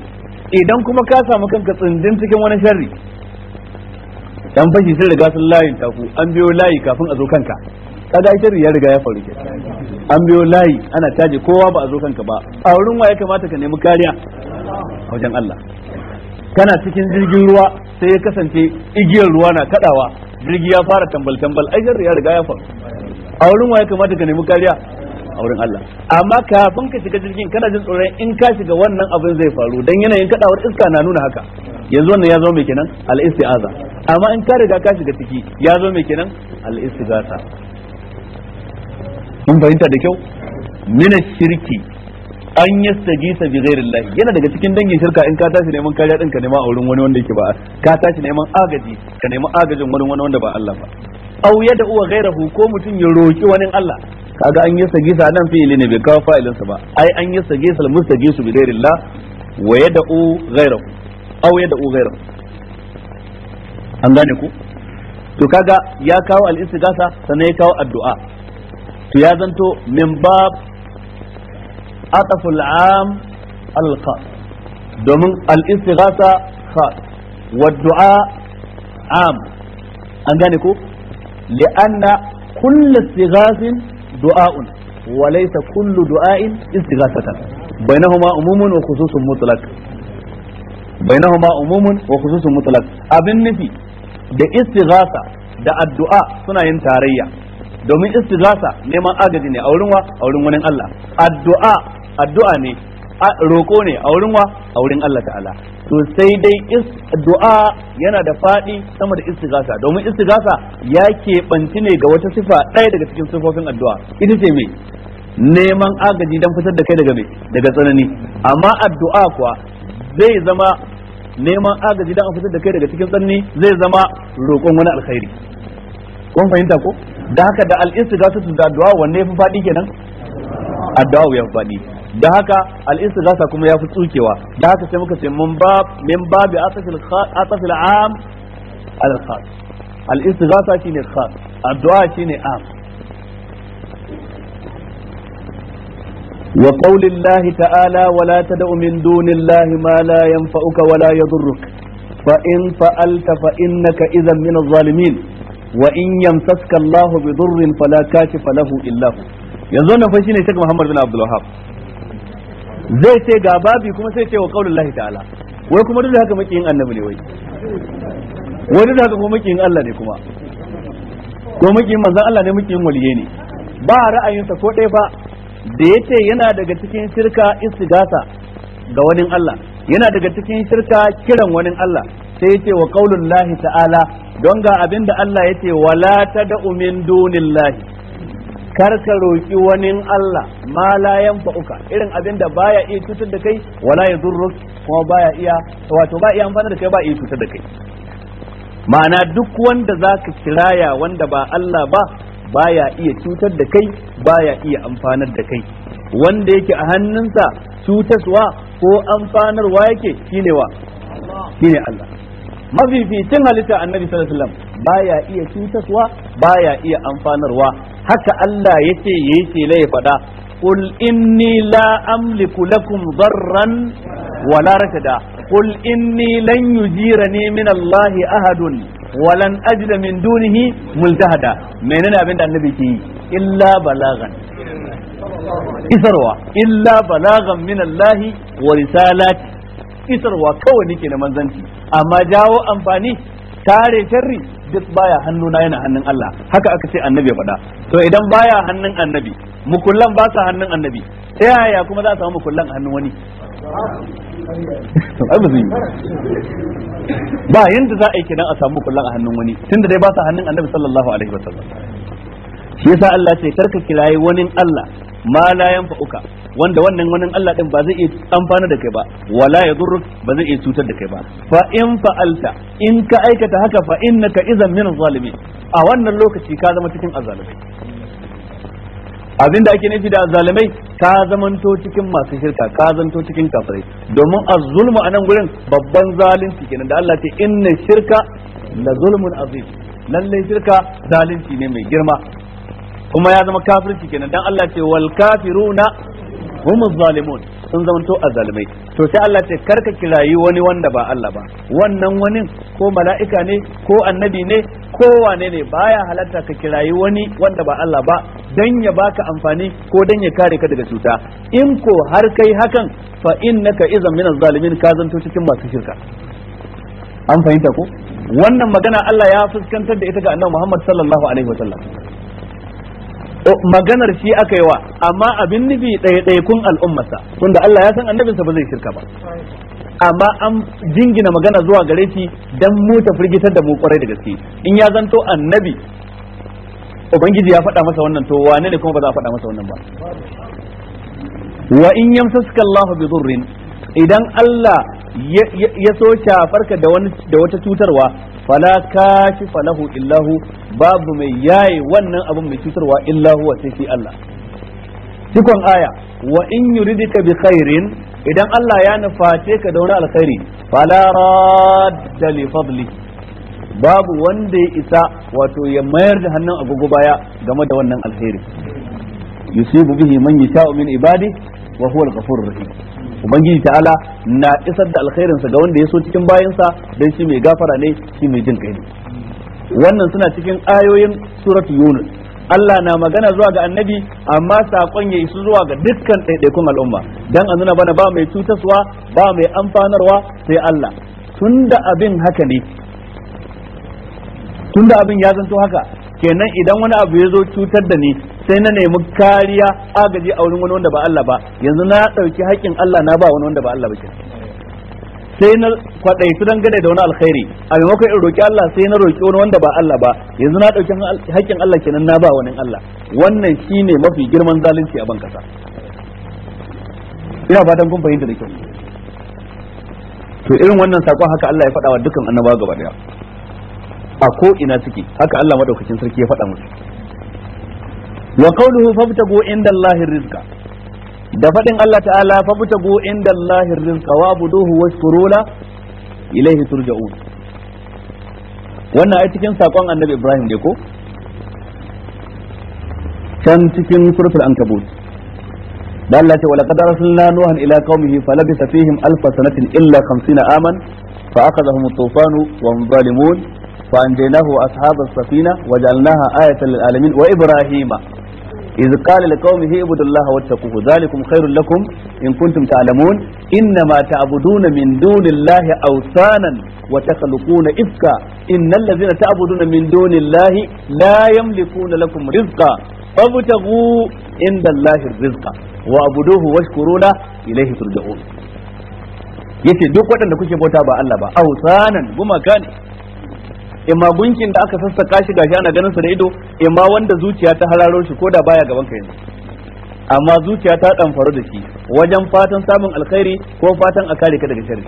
idan kuma ka samu kanka tsindin cikin wani sharri dan fashi sun riga sun layin taku an biyo layi kafin a zo kanka kaga sharri ya riga ya faru an biyo layi ana taje kowa ba a zo kanka ba a wurin wa ya kamata ka nemi kariya A wajen Allah kana cikin jirgin ruwa sai ya kasance igiyar ruwa na kadawa jirgi ya fara tambal tambal ai ya riga ya faru a wurin waye kamata ka nemi kariya a wurin Allah amma kafin ka shiga jirgin kana jin tsoron in ka shiga wannan abin zai faru dan yanayin kadawar iska na nuna haka yanzu wannan ya zo mai kenan al isti'aza amma in ka riga ka shiga ciki ya zo mai kenan al istighatha kun fahimta da kyau mina shirki an yastagisa bi ghairillah yana daga cikin dangin shirka in ka tashi neman kariya din ka nema a wurin wani wanda yake ba ka tashi neman agaji ka nema agajin wani wani wanda ba Allah ba aw yada uwa gairahu ko mutum ya roki wani Allah kaga an yi sa nan fi ne bai kawo fa'ilin sa ba ai an yi sage su bi ghairillah wa yada'u ghairahu aw u gairahu. an gane ku to kaga ya kawo al-istighatha sannan ya kawo addu'a to ya zanto min bab ataful am al domin al-istighatha khas wa du'a am an gane ku li'anna kullu istighasin du'a'un wa laysa kullu du'a'in istighasatan bainahuma umumun wa khususun mutlaq bainahuma abin nufi da istighasa da addu'a suna yin tarayya domin istighasa neman agaji ne a wurin wa a wurin wani Allah addu'a addu'a ne roƙo ne a wurin wa a wurin Allah ta'ala to sai dai du'a yana da faɗi sama da istighasa domin istighasa ya keɓanci ne ga wata sifa ɗaya daga cikin sifofin addu'a ita ce mai neman agaji don fitar da kai daga mai daga tsanani amma addu'a kuwa zai zama neman agaji don fitar da kai daga cikin tsanani zai zama roƙon wani alkhairi kun fahimta ko da haka da al-istighatha da addu'a wanne ya fi faɗi kenan addu'a ya fi faɗi da haka al za kuma ya fi tsukewa da haka sai muka ce mun min babi a atafil al-khas al-istighatha shine khas addu'a shine am wa ta'ala wa la tad'u min duni ma la yanfa'uka wa la yadurruk fa in fa'alta fa innaka idhan min adh-dhalimin wa in yamsaska bi fala kashifa lahu illa hu yanzu fa shine Sheikh Muhammad bin Abdul Wahhab zai ce ga babi kuma sai ce wa lahi ta'ala wai kuma duk da haka makiyin annabi ne wai wai duk da haka kuma makiyin Allah ne kuma ko makiyin manzon Allah ne makiyin waliye ne ba ra'ayinsa ko ɗaya ba. da ya ce yana daga cikin shirka istigasa ga wani Allah yana daga cikin shirka kiran wani Allah sai ce wa lahi ta'ala don ga abinda Allah ya ce wala ta tad'u min dunillahi kar ka roki wani Allah ma la uka irin abin da baya iya cutar da kai wala ya yadurruk kuma baya iya wato ba iya amfana da kai ba iya cutar da kai ma'ana duk wanda zaka kiraya wanda ba Allah ba baya iya cutar da kai baya iya amfanar da kai wanda yake a hannunsa cutaswa ko amfanarwa yake shine wa shine Allah Mafi mafificin halitta annabi sallallahu alaihi wasallam iya cutaswa baya iya amfanarwa haka Allah yace yayi ce la ya faɗa. qul inni la amliku lakum darran wala rashada qul inni lan yujirani min Allah ahadun walan ajida min dunihi multahada menene abin da annabi ke yi Ila balagan isarwa illa balagan min Allah wa risalati isarwa kawai nake da manzanci amma jawo amfani tare sharri duk baya na yana hannun Allah haka aka ce annabi ya faɗa to idan baya hannun annabi mukullan ba sa hannun annabi ta yaya kuma za a samu mukullan hannun wani ba yanda za a yi kidan a samu mukullan a hannun wani tunda dai ba sa hannun annabi sallallahu alaihi wasallam shi yasa Allah ce karka kirayi wani Allah ma la yanfa'uka wanda wannan wannan Allah din ba zai iya amfana da kai ba wala yadurruk ba zai iya cutar da kai ba fa in fa'alta in ka aikata haka fa innaka idhan min zalimin a wannan lokaci ka zama cikin azalimai abinda ake nufi da azalimai ka zamanto cikin masu shirka ka zanto cikin kafirai domin az-zulmu anan gurin babban zalunci kenan da Allah ce inna shirka la zulmun azim lallai shirka zalunci ne mai girma kuma ya zama kafirci kenan dan Allah ce wal kafiruna هم الظالمون sun zamanto azalimai to sai Allah ce karka kirayi wani wanda ba Allah ba wannan wani ko mala'ika ne ko annabi ne ko wane ne baya halatta ka kirayi wani wanda ba Allah ba dan ya baka amfani ko dan ya kare ka daga cuta in ko har kai hakan fa innaka idan min zalimin ka zanto cikin masu shirka an fahimta ko wannan magana Allah ya fuskantar da ita ga Annabi Muhammad sallallahu alaihi wasallam Eh, maganar shi aka yi wa amma abin nufi kun al'ummarsa tunda Allah ya san annabinsa ba zai shirka ba amma an jingina magana zuwa gare shi dan mu ta firgitar da mu kwarai da gaske in ya zanto annabi ubangiji ya faɗa masa wannan to wane ne kuma ba za a faɗa masa wannan ba wa in yamsaskallahu bi dhurrin idan Allah ya so shafarka da da wata cutarwa fala kashi falahu illahu babu mai yaye wannan abin mai cutarwa illahu wa sai Allah cikon aya wa in yuridika bi khairin idan Allah ya nuface ka da wani alkhairi fala radda li fadli babu wanda ya isa wato ya mayar da hannun agogo baya game da wannan alkhairi yusibu bihi man yasha'u min ibadi wa huwa al-ghafurur rahim ubangiji ta'ala na isar da alkhairin sa ga wanda ya so cikin bayansa dan shi mai gafara ne shi mai jin kai ne wannan suna cikin ayoyin suratu yunus Allah na magana zuwa ga annabi amma saƙon ya isu zuwa ga dukkan ɗaiɗaikun al'umma dan a nuna bana ba mai cutaswa ba mai amfanarwa sai Allah tunda abin haka ne tunda abin ya zanto haka kenan idan wani abu ya zo cutar da ni sai na nemi kariya agaji a wurin wani wanda ba Allah ba yanzu na ɗauki haƙƙin Allah na ba wani wanda ba Allah ba ke sai na kwaɗaitu don gane da wani alkhairi a maimakon in roƙi Allah sai na roƙi wani wanda ba Allah ba yanzu na ɗauki haƙƙin Allah kenan na ba wani Allah wannan shine mafi girman zalunci a ban kasa ina fatan kun fahimta da kyau to irin wannan sakon haka Allah ya faɗa wa dukkan annabawa gaba daya a ko ina suke haka Allah madaukakin sarki ya faɗa musu wa qawluhu fabtagu inda Allahi rizqa da fadin Allah ta'ala fabtagu inda Allahi rizqa wa abuduhu washkuru la ilaihi turja'un wannan ai cikin sakon Annabi Ibrahim ne ko can cikin suratul ankabut da Allah ce walaqad arsalna nuhan ila qaumihi falabisa fihim alf sanatin illa 50 aman fa akhadhahum at-tufan wa hum zalimun fa anjaynahu ashab as-safina wa ja'alnaha ayatan lil alamin wa ibrahima إذ قال لقومه اعبدوا الله واتقوه ذلكم خير لكم إن كنتم تعلمون إنما تعبدون من دون الله أوثانا وتخلقون إفكا إن الذين تعبدون من دون الله لا يملكون لكم رزقا فابتغوا عند الله الرزق وأبدوه واشكروا له إليه ترجعون yace duk waɗanda kuke bauta ba Allah ba ausanan gumaka ne imma gunkin da aka sassaka shi gashi ana ganin sa da ido imma wanda zuciya ta hararo shi ko da baya gaban ka yanzu amma zuciya ta damfaru da shi wajen fatan samun alkhairi ko fatan a kare ka daga sharri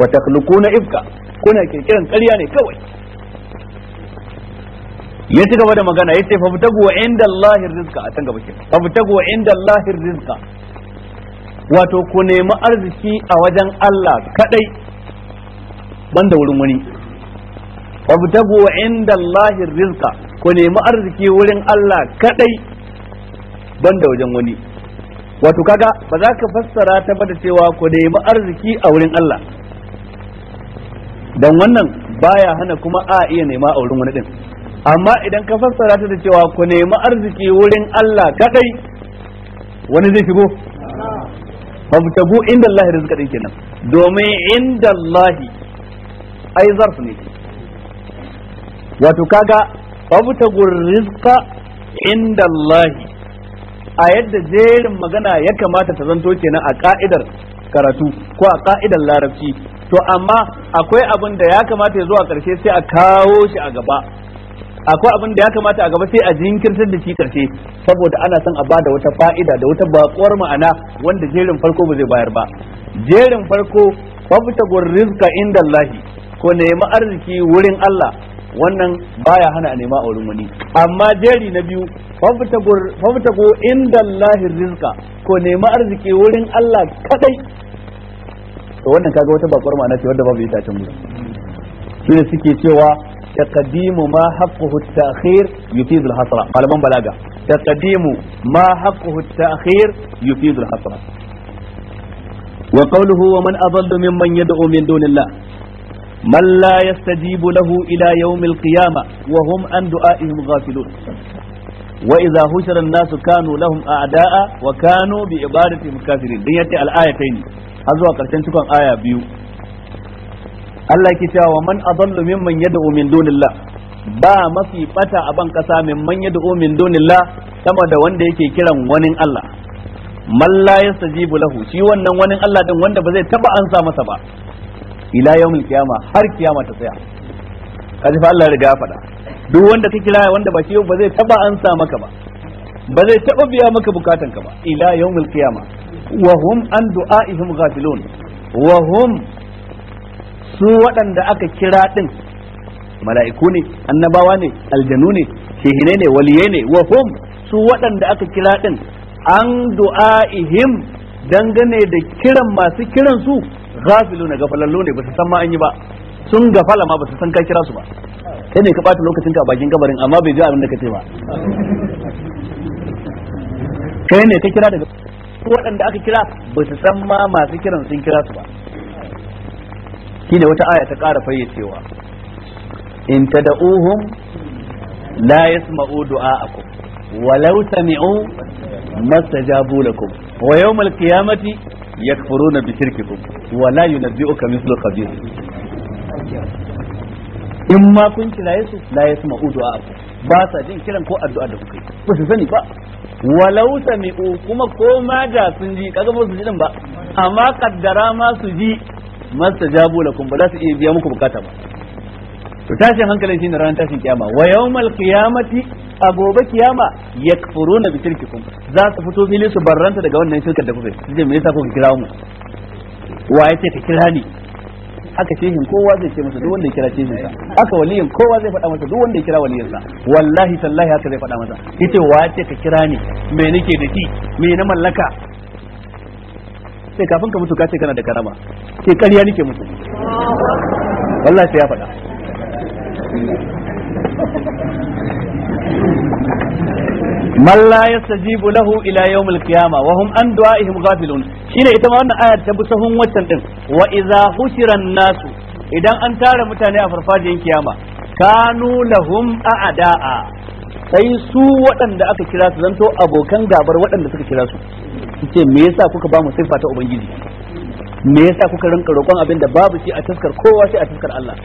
wa takhluquna ifka kuna kirkiran ƙarya ne kawai ya ci gaba da magana ya ce fafitagu wa inda Allahir rizqa a can gaba ke fafitagu wa inda Allahir rizqa wato ku nemi arziki a wajen Allah kadai banda wurin wani fabtagu inda Allah rizqa ku nemi arziki wurin Allah kadai banda wajen wani wato kaga ba za ka fassara ta bada cewa ku nemi arziki a wurin Allah dan wannan baya hana kuma a iya nema a wurin wani din amma idan ka fassara ta da cewa ku nemi arziki wurin Allah kadai wani zai shigo fabtagu inda Allah rizqa din kenan domin inda Allah ai zarf ne wato kaga wabtagur rizqa inda Allah a yadda jerin magana ya kamata ta zanto kenan a ka'idar karatu ko a ka'idar larabci to amma akwai abin da ya kamata ya zo a karshe sai a kawo shi a gaba akwai abin da ya kamata a gaba sai a jinkirtar da shi karshe saboda ana son a ba da wata fa'ida da wata bakuwar ma'ana wanda jerin farko ba zai bayar ba jerin farko fabtagur rizqa inda Allah ko nemi arziki wurin Allah wannan baya hana a nema a wurin wani amma jeri na biyu faftago inda Allahin rizqa ko nema arziki wurin Allah kadai to wannan kaga wata bakwar ma'ana ce wanda babu ita can gudu suke cewa تقديم ما حقه التأخير يفيد الحسرة قال من بلاغة تقديم ما حقه التأخير يفيد الحسرة وقوله ومن أضل ممن يدعو من دون الله man la yastajibu lahu ila yawmil kiyama wa hum an du'aihim ghafilun wa idza hushira an-nasu kanu lahum a'da'a wa kanu bi ibadatihim kafirin din yace al-ayatayn har zuwa karshen cikon aya biyu Allah yake cewa man adallu mimman yad'u min dunillah ba mafi bata a ban kasa mimman yad'u min dunillah sama da wanda yake kiran wani Allah man la yastajibu lahu shi wannan wani Allah din wanda ba zai taba ansa masa ba ila yawmil har kiyama ta tsaya kaji fa Allah riga faɗa duk wanda ka kira wanda ba shi ba zai taba ansa maka ba ba zai taba biya maka bukatan ka ba ila yawmil qiyama wa hum an du'aihim ghafilun wa hum su waɗanda aka kira din mala'iku ne annabawa ne aljanu ne shehine ne waliye ne wa hum su waɗanda aka kira din an du'aihim dangane da kiran masu kiran su ghafiluna gafalallu ne ba su san ma an yi ba sun gafala ma ba su san ka kira su ba sai ne ka bata lokacin ka bakin gabarin amma bai ji abin da ka ba kai ne ka kira daga waɗanda aka kira ba su san ma masu kiran sun kira su ba shine wata aya ta ƙara fayyacewa in tad'uhum la yasma'u du'a'akum walau sami'u mastajabu lakum wa yawmal qiyamati yakfuruna bi shirkikum wa la yunabbi'uka mithlu khabir in ma kun kira yesu la yasma'u du'a ba sa jin kiran ko addu'a da kuka yi ba su sani ba walau sami'u kuma ko ma da sun ji kaga ba su ji din ba amma kaddara ma su ji mastajabu lakum ba za su iya biya muku bukata ba to tashin hankalin shine ranar tashin kiyama wa yawmal qiyamati a kiyama yakfuruna bi shirkikum za su fito fili su barranta daga wannan shirkar da kuke je me yasa kuka kira mu wa yace ka kira ni haka shehin kowa zai ce masa duk wanda ya kira shehin sa haka waliyin kowa zai faɗa masa duk wanda ya kira waliyin sa wallahi sallahi haka zai faɗa masa yace wa yace ka kira ni me nake da shi me na mallaka sai kafin ka mutu ka ce kana da karama sai ƙarya nake mutu wallahi sai ya faɗa man la yastajibu lahu ila yawmil qiyamah wa hum an du'aihim ghafilun shine ita ma wannan ayar ta bi sahun waccan din wa idza hushira nasu idan an tara mutane a farfajiyar kiyama kanu lahum a'da'a sai su waɗanda aka kira su zanto abokan gabar waɗanda suka kira su ce me yasa kuka ba mu siffa ta ubangiji me yasa kuka rinka roƙon abinda babu shi a taskar kowa sai a taskar Allah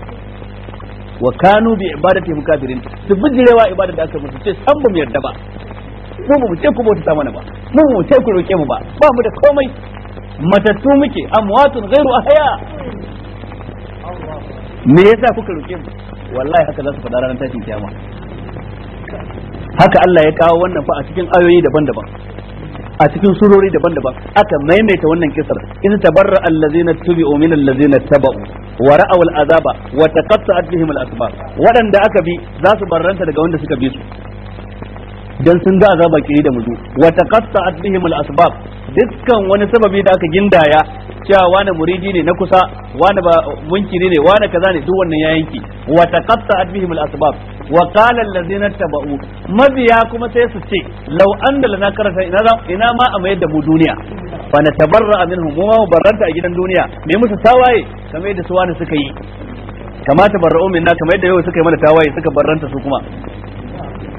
wa kanu bi ibadatihim kafirin su bijirewa ibadar da aka musu ce san ba mu yarda ba mu mu ce ku bauta mana ba mu mu ce ku roke mu ba ba mu da komai matattu muke amwatun ghairu ahya me yasa kuka roke mu wallahi haka za su faɗa ranar tashin kiyama haka Allah ya kawo wannan fa a cikin ayoyi daban-daban a cikin surori daban-daban aka maimaita wannan kisar in tabarra allazina tubi'u min allazina taba'u wa ra'aw al'azaba wa taqatta'at bihim al'asbab waɗanda aka bi za su barranta daga wanda suka bi su dan sun ga azaba kiri da muzu wa taqatta'at bihim al-asbab dukkan wani sababi da aka gindaya cewa wani muridi ne na kusa wani ba munkiri ne wani kaza ne duk wannan ya yanki wa taqatta bihim al-asbab wa qala allazina tabau mabiya kuma sai su ce law anna lana karata ina ina ma a mayar da mu duniya fa natabarra minhum wa barranta a gidan duniya me musu tawaye kamar yadda su wani suka yi kamata barra'u minna kamar yadda yau suka yi mana tawaye suka barranta su kuma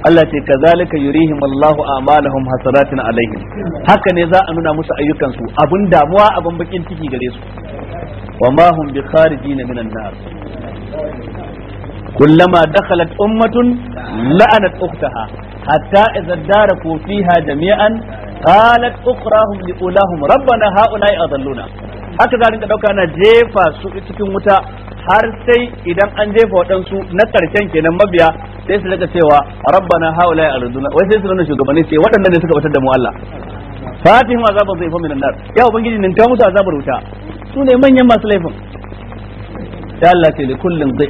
Allah ce kazalika yurihim Allahu a'malahum hasaratin alaihim haka ne za a nuna musu ayyukan su abin damuwa abin bakin ciki gare su wa ma hum bi kharijin minan nar كلما دخلت أمة لعنت أختها حتى إذا اداركوا فيها جميعا قالت أخراهم لأولاهم ربنا هؤلاء أضلونا haka za ka dauka na jefa su cikin wuta har sai idan an jefa waɗansu na ƙarshen kenan mabiya sai su daga cewa rabbana haula ya arzuna wai sai su nuna shugabanni sai waɗannan ne suka batar da mu Allah fatihim azabar zai famin nan ya ubangiji nan ta musu azabar wuta su ne manyan masu laifin ya Allah ce kullum zai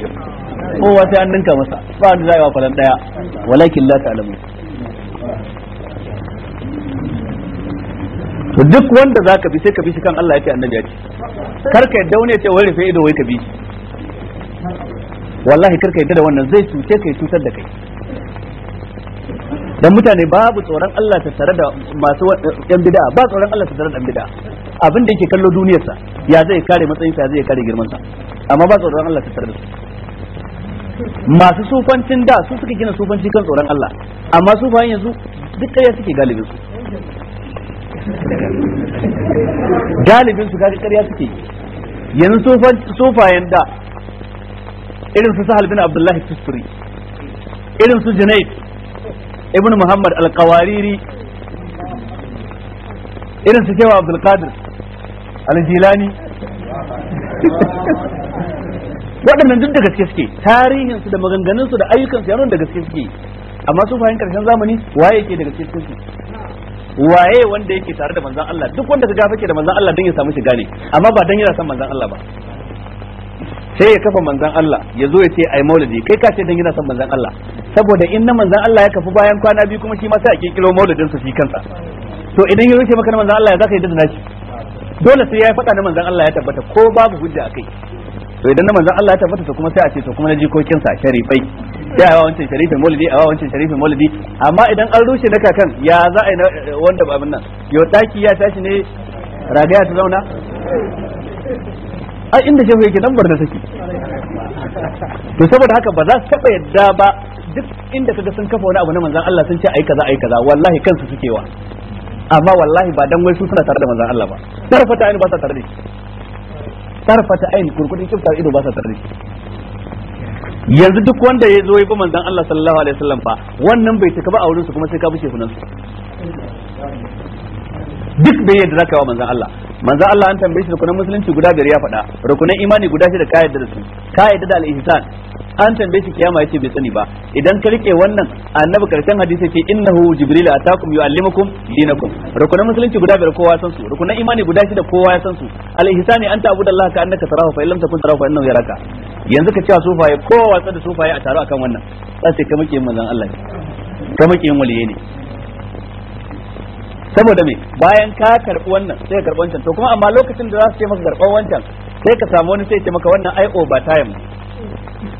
kowa sai an ninka masa ba da yi wa falan daya walakin la ta'lamu to duk wanda zaka bi sai ka bi shi kan Allah yake annabi yake kar ka yadda wani ya ce wai rufe ido wai ka bi shi wallahi ka yadda da wannan zai cuce kai cutar da kai dan mutane babu tsoron Allah ta tare da masu eh, yan bid'a ba tsoron Allah ta tare da bid'a abin da yake kallo duniyarsa ya zai kare matsayinsa zai kare girmansa amma ba tsoron Allah ta tare da su masu sufancin da su suka gina sufanci kan tsoron Allah amma sufan yanzu duk ya suke galibin su galibin su ga ƙarya suke yanzu sufayen da irin su sahal bin abdullahi tusturi irin su junaid ibn muhammad al-qawariri irin su cewa abdul qadir al-jilani waɗannan duk da gaske suke tarihin su da maganganun su da ayyukan su yaron da gaske suke amma su fahimtar karshen zamani waye yake da gaske suke waye wanda yake tare da manzon Allah duk wanda ka gafake da manzon Allah dan ya samu shiga ne amma ba dan yana son manzon Allah ba sai ya kafa manzan Allah ya zo ya ce ai maulidi kai ka ce dan yana son manzan Allah saboda in na manzan Allah ya kafu bayan kwana biyu kuma shi ma sai a kirkiro maulidin su shi kansa to idan ya rushe maka na manzan Allah ya zaka yi da shi, dole sai ya yi faɗa na manzan Allah ya tabbata ko babu hujja akai to idan na manzan Allah ya tabbata to kuma sai a ce to kuma na jikokin sa sharifai sai a wancan sharifin maulidi a wancan sharifin maulidi amma idan an rushe na kakan ya za a yi eh, wanda babin nan yau daki ya tashi ne ragaya ta zauna ai inda shehu yake nan barna take to saboda haka ba za su taba yadda ba duk inda kaga sun kafa wani abu na manzon Allah sun ce ai kaza ai kaza wallahi kansu suke wa amma wallahi ba dan wai su suna tare da manzon Allah ba tarfata ayin ba sa tare da shi tarfata ayin kurkudin kifta ido ba sa tare da shi yanzu duk wanda ya zo ya bi manzon Allah sallallahu alaihi wasallam fa wannan bai tuka ba a wurin su kuma sai ka bushe funan su duk bai yadda zaka yi wa manzon Allah manzo Allah an tambaye shi rukunan musulunci guda biyar ya faɗa rukunan imani guda shida ka yadda da su ka yadda da al-ihsan an tambaye shi kiyama yace bai tsani ba idan ka rike wannan annabi karshen hadisi ce innahu jibril atakum yuallimukum dinakum rukunan musulunci guda biyar kowa san su rukunan imani guda shida kowa ya san su al-ihsani anta abudallah ka annaka tarahu fa illam takun tarahu fa innahu yaraka yanzu ka cewa sufaye kowa da sufaye a taro akan wannan sai kai muke manzon Allah kai muke waliye ne saboda me bayan ka karbi wannan sai ka karbi wancan to kuma amma lokacin da za su ce maka karbi wancan sai ka samu wani sai ya ce maka wannan ai overtime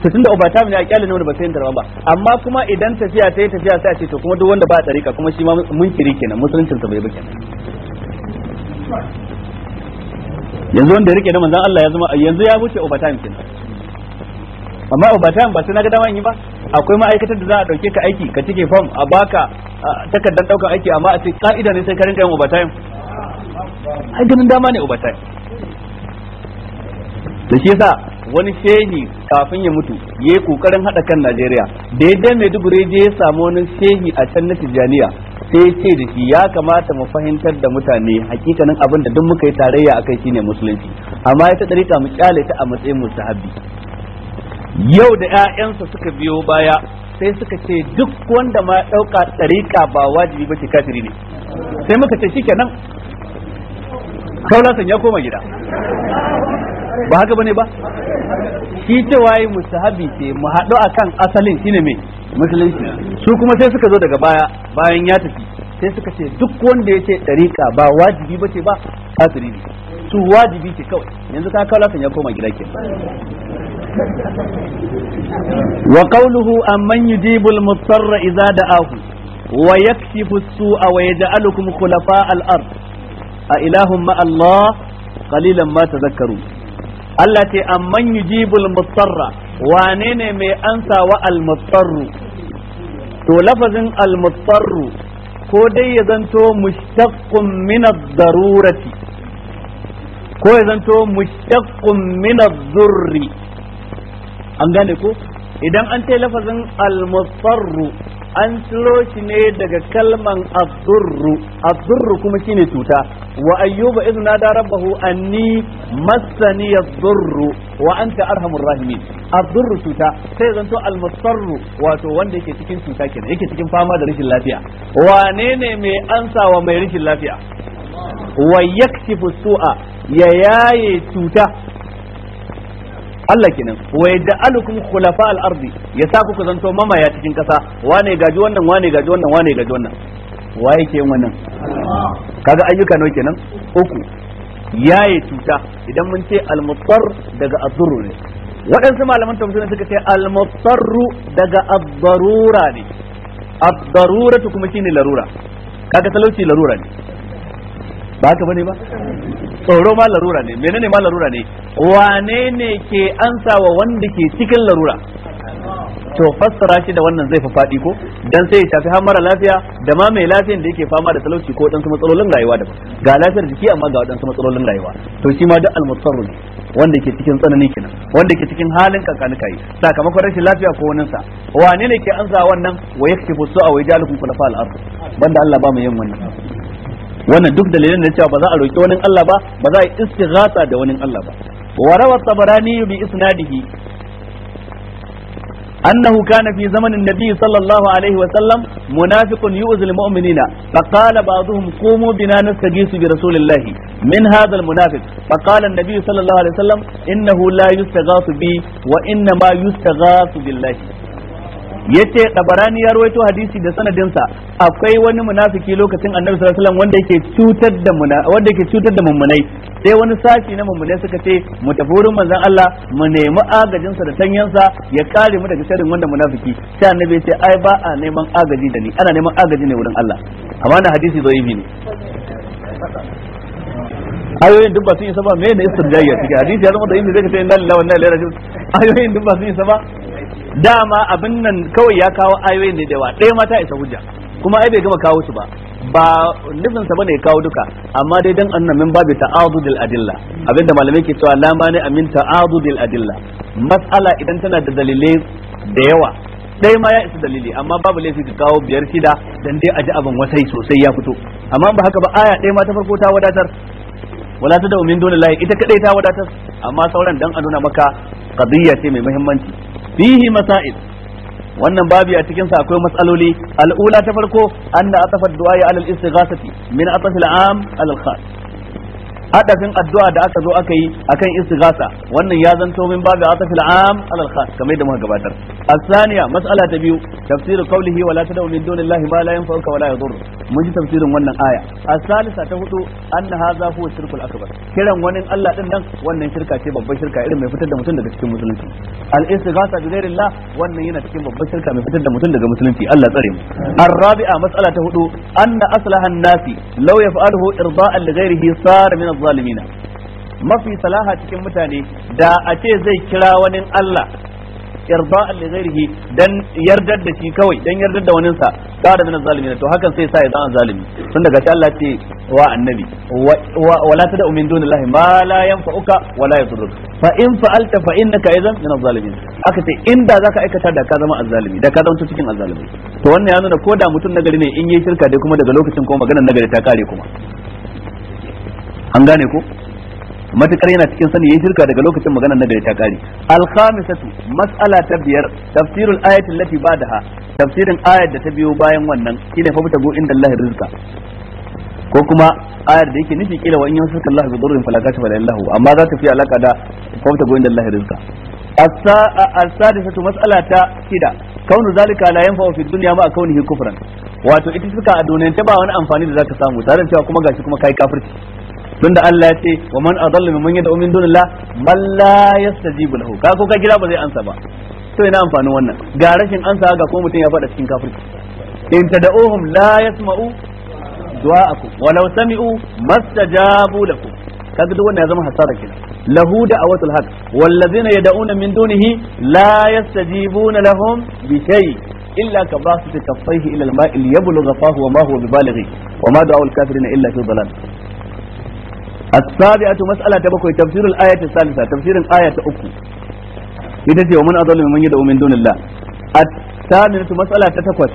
to tunda overtime ne a ne wani ba sai yin ba amma kuma idan tafiya ta yi tafiya sai a ce to kuma duk wanda ba tsarika kuma shi ma kiri kenan musuluncin sa bai ba kenan yanzu wanda ya rike da manzon Allah ya zama yanzu ya wuce overtime kenan amma overtime ba sai na ga dama in yi ba akwai ma'aikatar da za a dauke ka aiki ka cike form a baka takardar daukan aiki amma a ce ka'ida ne sai ka rinka yin overtime ai ganin dama ne overtime da shi yasa wani shehi kafin ya mutu yayi kokarin hada kan Najeriya da yadda Maiduguri je ya samu wani shehi a can na tijjaniya sai ce da shi ya kamata mu fahimtar da mutane hakikanin abin da duk muka yi tarayya akai shine musulunci amma ita dariƙa mu kyale ta a matsayin mustahabbi yau da 'ya'yansa suka biyo baya sai suka ce duk wanda ma ɗauka ɗariƙa ba wajibi ba ke kafiri ne sai muka ce shi kenan kaulasan ya koma gida ba haka ba ne ba shi cewa musu musahabi ce mu haɗu kan asalin shine mai musulunci su kuma sai suka zo daga baya bayan ya tafi sai suka ce duk wanda ya ce ɗariƙa ba wajibi ba ce ba kafiri ne su wajibi ce kawai yanzu ka kaulasan ya koma gida kenan wa qawluhu amman yujibul mutarra idza da'ahu wa yakshifu as-su'a wa yaj'alukum khulafa' al-ard a ilahum ma Allah qalilan ma tadhakkaru Allah ce amman yujibul mutarra wa nene mai ansa wa al to lafazin al-mutarru ko dai ya zanto mushtaqqun min ad-darurati ko ya zanto mushtaqqun min ad-dhurri an gane ko idan an ta lafazin almustarru an ciro shi ne daga kalman abdurru abdurru kuma shine cuta wa ayyuba idh nada rabbahu anni massani yadurru wa anta arhamur rahimin abdurru cuta sai zanto almustarru wato wanda yake cikin cuta kenan yake cikin fama da rashin lafiya wane ne mai ansawa mai rashin lafiya wa yaktifu su'a ya yaye cuta Allah kenan wa yaj'alukum khulafa al-ardi ya sa zanto mamaya cikin kasa wane gaji wannan wane gaji wannan wane gaji wannan waye ke wannan kaga ayyuka nawa kenan uku yaye cuta idan mun ce al-muttar daga ad-durr ne waɗansu malaman tafsirin suka ce al-muttar daga ad-darura ne ad-daruratu kuma shine larura kaga talauci larura ne ba haka bane ba tsoro ma larura ne menene ma larura ne wane ne ke ansa wa wanda ke cikin larura to fassara shi da wannan zai fa faɗi ko dan sai ya shafi har mara lafiya da ma mai lafiyan da yake fama da talauci ko dan matsalolin rayuwa da ga lafiyar jiki amma ga wadansu matsalolin rayuwa to shi ma duk almusarru ne wanda ke cikin tsanani kenan wanda ke cikin halin kankanikai sakamakon rashin lafiya ko sa wane ne ke ansa wannan wa yaktibu a wa yajalukum khulafa al-ard banda Allah ba mu yin wannan wannan duk dalilin da cewa ba za a roƙi wani Allah ba ba za a istighatha da wani Allah ba wa rawa tabarani bi isnadihi annahu kana fi zamanin nabi sallallahu alaihi wa sallam munafiqun yu'zil mu'minina fa qala ba'dhum qumu bina nastajisu bi rasulillahi min hadha al munafiq fa qala sallallahu alaihi wa sallam innahu la yustaghathu bi wa inna ma yustaghathu billahi yace dabarani ya rawaito hadisi da sanadinsa akwai wani munafiki lokacin annabi sallallahu alaihi wasallam wanda yake cutar da muna wanda yake cutar da mummunai sai wani sashi na mummunai suka ce mu tafi wurin manzon Allah mu nemi agajin sa da tanyansa ya kare mu daga sharrin wanda munafiki sai annabi ya ce ai ba a neman agaji da ni ana neman agaji ne wurin Allah amma na hadisi yi ne ayoyin duk ba sun yi ba me ne istirjaiya cikin hadisi ya zama da yin da zai ka ce inna lillahi wa inna ilaihi raji'un ayoyin duk ba sun yi saba. dama abin nan kawai ya kawo ayoyin ne da yawa ɗaya mata isa hujja kuma ai bai gama kawo su ba ba nufin sa bane kawo duka amma dai dan annan min babu ta'adudil adilla abinda malamai ke cewa la ne amin ta'adudil adilla mas'ala idan tana da dalilai da yawa ɗaya ma ya isa dalili amma babu laifi ka kawo biyar shida dan dai aji abin wasai sosai ya fito amma ba haka ba aya ɗaya ma ta farko ta wadatar wala ta da umin dole lahi ita kadai ta wadatar amma sauran dan a nuna maka qadiyya ce mai muhimmanci fihi masail wannan babi a cikin sa akwai matsaloli al'ula ta farko anna atafad du'a ala al-istighasati min ataf al-am al-khas adafin addu'a da aka zo aka yi akan istighasa wannan ya zanto min babu atafil am alal khas kamar da muka gabatar asaniya mas'ala ta biyu tafsirin qawlihi wala tad'u min dunillahi ma la yanfa'uka wala yadur mun ji tafsirin wannan aya asalisa ta hudu anna hadha huwa shirkul akbar kiran wani Allah din nan wannan shirka ce babban shirka irin mai fitar da mutum daga cikin musulunci al istighasa bi ghairillah wannan yana cikin babban shirka mai fitar da mutum daga musulunci Allah tsare mu arrabi'a mas'ala ta hudu anna aslahan nasi law yaf'aluhu irda'an li ghairihi sar min zalimina mafi salaha cikin mutane da a ce zai kira wani Allah irda'an li ghairihi dan yardar da shi kawai dan yardar da waninsa da min zalimin to hakan sai sa ya zama zalimi tun daga Allah ce wa annabi wala la tad'u min dunillahi ma la yanfa'uka wala la yadurruka fa in fa'alta fa innaka idan min zalimin aka ce inda zaka aikata da ka zama azzalimi da ka zama cikin azzalimi to wannan ya nuna ko da mutum nagari ne in yi shirka dai kuma daga lokacin ko maganar nagari ta kare kuma an gane ko matukar yana cikin sani yayin shirka daga lokacin maganar na gari ta kare al-khamisatu mas'ala ta biyar tafsirul ayati lati ba'daha tafsirin ayar da ta biyo bayan wannan shine fa mutago inda Allah rizqa ko kuma ayar da yake nufi kila wa in yusaka Allah bi dhurrin fala kashifa lahu amma za ta fi alaka da fa mutago inda Allah rizqa mas'ala ta كده kaunu zalika la yanfa'u fi dunya ma كونه kufran wato ita suka a duniyar ta ba wani amfani da zaka samu tare da cewa kuma gashi kuma kai kafirci tunda Allah ya ce wa man adallu mimman yad'u min dunillah man la yastajibu lahu ka ko ka kira ba zai ansa ba to ina amfanin wannan ga rashin ansa ga ko mutum ya faɗa cikin kafirci in tad'uhum la yasma'u du'a'akum walau sami'u mastajabu lakum kaga duk wannan ya zama hasara kenan lahu da'awatul haq wallazina yad'una min dunihi la yastajibuna lahum bi shay illa ka basu kaffaihi ila al-ma'i liyabluga fahu wa ma huwa bibalighi wa ma da'awul kafirina illa fi dhalal as-sabi'atu mas'ala ta bakwai tafsirul ayati salisa tafsirin aya ta uku ita ce wa man adallu mimman yad'u min dunillah at-thaminatu mas'ala ta takwas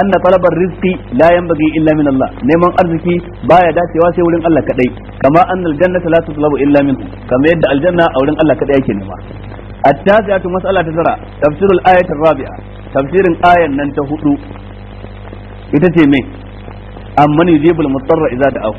anna talabar rizqi la yanbaghi illa min Allah neman arziki baya dacewa sai wurin Allah kadai kama annal jannata la tutlabu illa minhu kama yadda aljanna a wurin Allah kadai yake nema التاسعة مسألة ترى تفسير الآية الرابعة تفسير آية ننتهد إتتي مين أمن يجيب المضطر إذا دعاه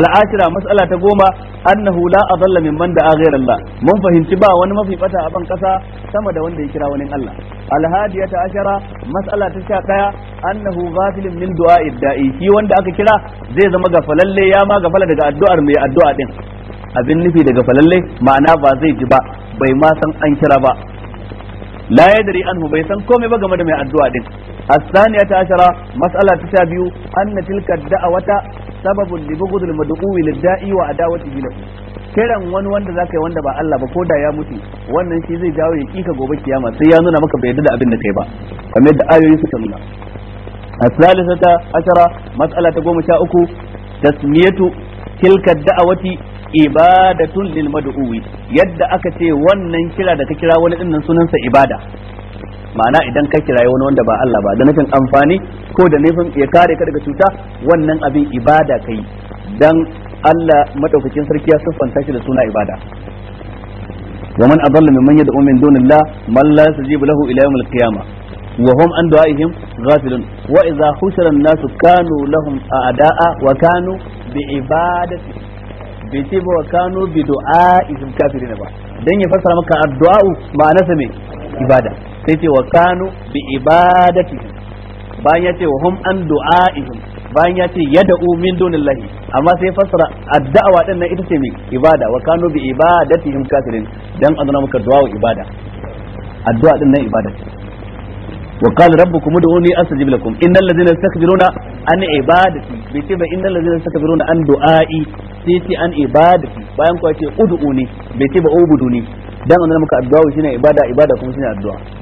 al'ashira mas'ala ta goma annahu la adalla mimman da'a ghayra Allah mun fahimci ba wani mafi bata a ban kasa sama da wanda ya kira wani Allah alhadiyata ashara mas'ala ta sha daya annahu ghafilun min du'a da'i shi wanda aka kira zai zama gafalalle ya ma gafala daga addu'ar mai addu'a din abin nufi daga falalle ma'ana ba zai ji ba bai ma san an kira ba la yadri anhu bai san komai ba game da mai addu'a din الثانية عشرة مسألة تشابيو أن تلك الدعوة sababun li bughdil mad'u lid da'i wa kiran wani wanda zaka yi wanda ba Allah ba ko da ya mutu wannan shi zai jawo ya kika gobe kiyama sai ya nuna maka bai da abin da kai ba kamar yadda ayoyi suka nuna الثالثة ta مسألة قوم شاؤكو تسمية تلك الدعوة ibadatun lil mad'uwi yadda aka ce wannan kira da ka kira wani dinnan sunansa ibada ma'ana idan ka kirayi wani wanda ba Allah ba da nufin amfani ko da nufin ya kare ka daga cuta wannan abin ibada kai dan Allah madaukakin sarki ya siffanta shi da suna ibada ومن أضل ممن يدعو من دون الله من لا يستجيب له إلى يوم القيامة وهم عن دعائهم غافلون وإذا حشر الناس كانوا لهم أعداء وكانوا بعبادتهم بيتي وكانوا بدعائهم كافرين دين يفسر مكة الدعاء عبادة sai ce wa kanu bi ibadatihim bayan ya ce wa hum an du'a'ihim bayan ya ce yad'u min dunillahi amma sai fasara addu'a din nan ita ce mai ibada wa kanu bi ibadatihim kafirin dan azna maka du'a wa ibada addu'a din nan ibada ce wa qala rabbukum ud'uni astajib lakum innal ladzina yastakbiruna an ibadati bai ce ba innal ladzina yastakbiruna an du'a'i sai ce an ibadati bayan ko ya ce ud'uni bai ce ba ubuduni dan azna muka addu'a shine ibada ibada kuma shine addu'a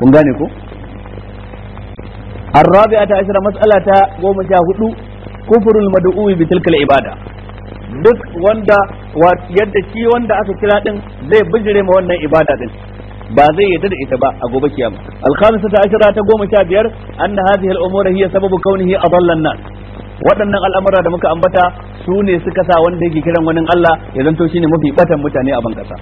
kun gane ko Mas'ala ta goma sha hudu كفر المدعو بتلك ibada, duk wanda yadda shi wanda aka kira din zai bijire ma wannan ibada din ba zai yarda da ita ba a gobe kiyama al-khamisata ashara ta goma sha biyar anna hadhihi al-umura hiya sababu kaunihi adalla an-nas waɗannan al'amura da muka ambata su ne suka sa wanda yake kiran wani Allah ya zanto shine mafi batan mutane a ban kasa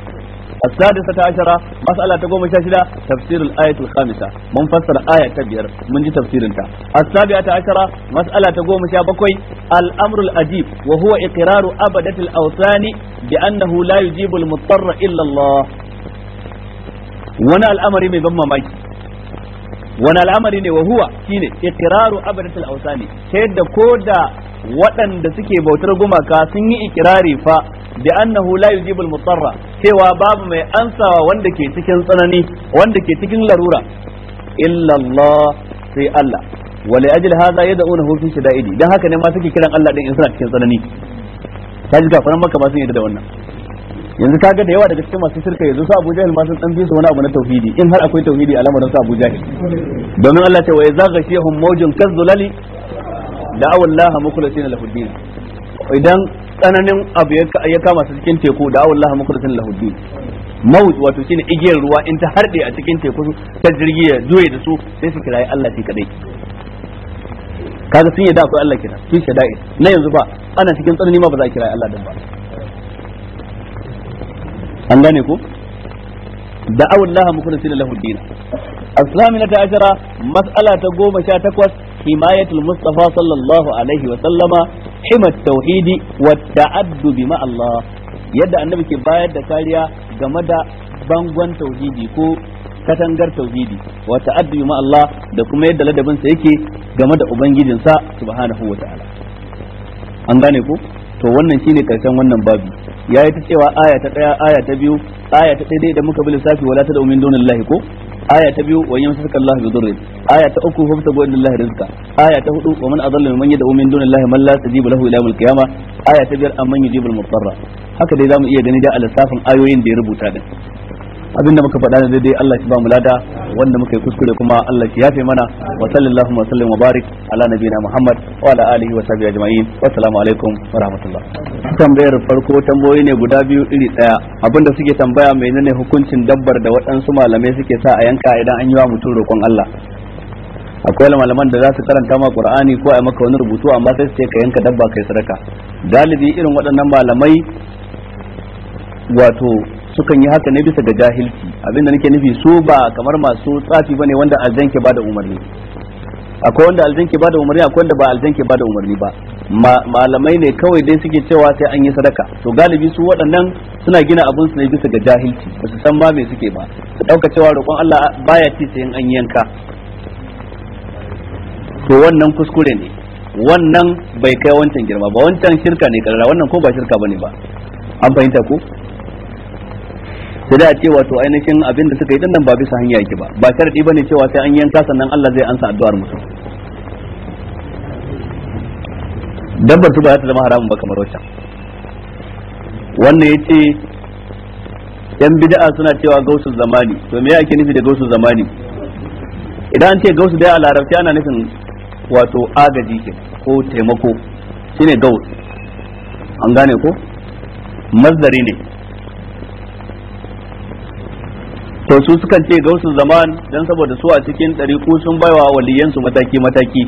السادسة عشرة مسألة تقوم شاشرة تفسير الآية الخامسة من فسر آية تبير من جي تفسير انت السابعة عشرة مسألة تقوم شابكوي الأمر الأجيب وهو إقرار أبدة الأوثان بأنه لا يجيب المضطر إلا الله وانا الأمر من ضم مايك wani al'amari ne wa huwa shine iqraru abadatul awsani ta yadda ko da waɗanda suke bautar gumaka sun yi ikirari fa da annahu la yujibul mutarra cewa babu mai ansawa wanda ke cikin tsanani wanda ke cikin larura illa Allah sai Allah wa li ajli hadha yad'unahu fi shida'idi dan haka ne ma suke kiran Allah din in suna cikin tsanani kaji kafaran maka ba sun yadda da wannan yanzu kaga da yawa daga cikin masu shirka yanzu su Abu Jahil ma sun dan su wani abu na tauhidi in har akwai tauhidi a lamarin su Abu Jahil domin Allah ce wa idza ghashiyahum mawjun kazzulali da'awul laha mukhlisina lahu lahudin, idan tsananin abu ya kama su cikin teku da'awul laha mukhlisina lahu lahudin, mawut wato shine igiyar ruwa in ta harde a cikin teku ta jirgi ya juye da su sai su kirayi Allah shi kadai kaga sun yadda akwai Allah kira sun shada'i eh. na yanzu ba ana cikin tsanani ma ba za a kirayi Allah din ba an gane ko da'awul laha mukhlisina ta din mas'ala ta goma sha takwas. himayatul mustafa sallallahu alaihi tauhidi wa ma Allah yadda annabi ke bayar da kariya game da bangon tauhidi ko katangar tauhidi wa ta'addubi ma Allah da kuma yadda ladabinsa yake game da ubangijinsa subhanahu wa an gane ko to wannan shine karshen wannan babi yi ta cewa aya ta daya aya ta biyu aya ta daya da muka bi lissafi wala ta min dunillahi ko aya ta biyu wa yamsaka Allah bi dhurri aya ta uku famta bi dunillahi rizqa aya ta hudu wa man adalla mimman yad'u min dunillahi man la tajibu lahu ila yawmil aya ta biyar amman yujibul mutarra haka dai zamu iya gani da lissafin ayoyin da ya rubuta din abinda muka faɗa da daidai Allah ki ba mu lada wanda muka yi kuskure kuma Allah ki yafe mana wa sallallahu wa sallam wa barik ala nabiyina Muhammad wa ala alihi wa sahbihi ajma'in wa assalamu alaikum wa rahmatullah tambayar farko tambayoyi ne guda biyu iri daya abinda suke tambaya menene hukuncin dabbar da waɗansu malamai suke sa a yanka idan an yi wa mutum roƙon Allah akwai malaman da za su karanta ma qur'ani ko a maka wani rubutu amma sai su ce ka yanka dabba kai sadaka dalibi irin waɗannan malamai wato sukan yi haka ne bisa ga jahilci abinda nake nufi su ba kamar masu tsafi bane wanda aljan ke bada umarni akwai wanda aljan ke bada umarni akwai wanda ba aljan ke bada umarni ba malamai ne kawai dai suke cewa sai an yi sadaka to galibi su waɗannan suna gina abin su ne bisa ga jahilci ba su san ba me suke ba su ɗauka cewa roƙon Allah baya ci sai an yanka to wannan kuskure ne wannan bai kai wancan girma ba wancan shirka ne karara wannan ko ba shirka bane ba an fahimta ko sai da ce wato ainihin abin da suka yi dandan ba bisa hanya yake ba ba sharadi bane cewa sai an yanka sannan Allah zai ansa addu'ar musu. dabbar su ba za ta zama haramun ba kamar wacce wannan yace yan bid'a suna cewa gausul zamani to me yake nufi da gausul zamani idan an ce gausu dai a larabci ana nufin wato agaji ke ko taimako shine gaus an gane ko mazdari ne to su sukan ce gausu zaman dan saboda su a cikin ɗariku sun baiwa waliyansu mataki mataki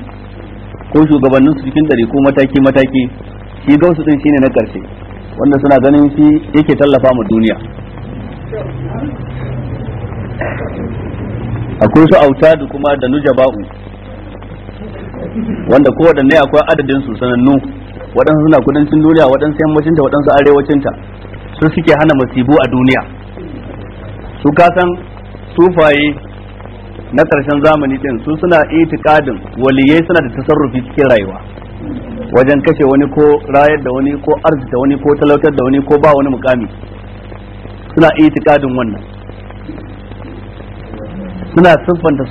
ko shugabannin su cikin ɗariku mataki mataki shi gausu din shine na ƙarshe wanda suna ganin shi yake tallafa mu duniya akwai su autadu kuma da nujaba'u wanda kowaɗanne akwai adadin su sanannu waɗansu suna kudancin duniya waɗansu yammacinta waɗansu arewacinta su suke hana masibu a duniya su kasan sufaye na ƙarshen zamani din su suna itikadin waliyai suna da tasarrufi cikin rayuwa wajen kashe wani ko rayar da wani ko arzita wani ko talautar da wani ko ba wani mukami suna itikadin wannan suna siffanta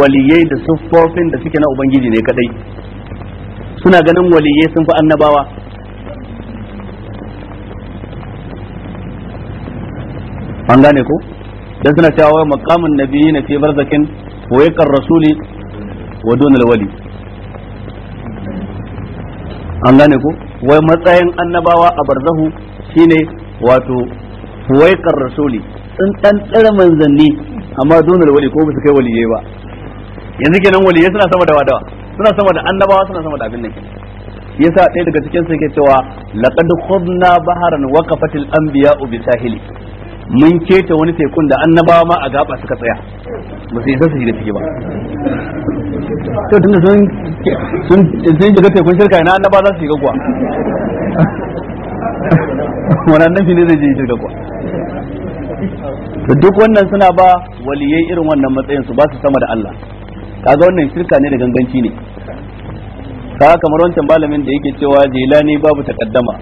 waliyai da siffofin da suke na ubangiji ne kadai suna ganin waliyai sun fi annabawa an gane ko dan suna cewa maqamun na fi barzakin wa yaqar rasuli wa dunal wali an gane ko wai matsayin annabawa a barzahu shine wato huwaikar rasuli sun dan tsira manzanni amma dunar wali ko bisa kai waliye ba yanzu kenan waliye suna sama da wadawa suna sama da annabawa suna sama da abin nan yasa ɗaya daga cikin su yake cewa laqad khudna baharan waqafatil anbiya'u bi sahili mun keta wani tekun da annabawa ma a gaba suka tsaya ba su isa su shiga ciki ba to tunda sun sun sun shiga tekun shirka ina annaba za su shiga kuwa wannan annabi ne zai je shirka kuwa duk wannan suna ba waliyai irin wannan matsayin su ba su sama da Allah kaga wannan shirka ne da ganganci ne kaga kamar wancan malamin da yake cewa jilani babu takaddama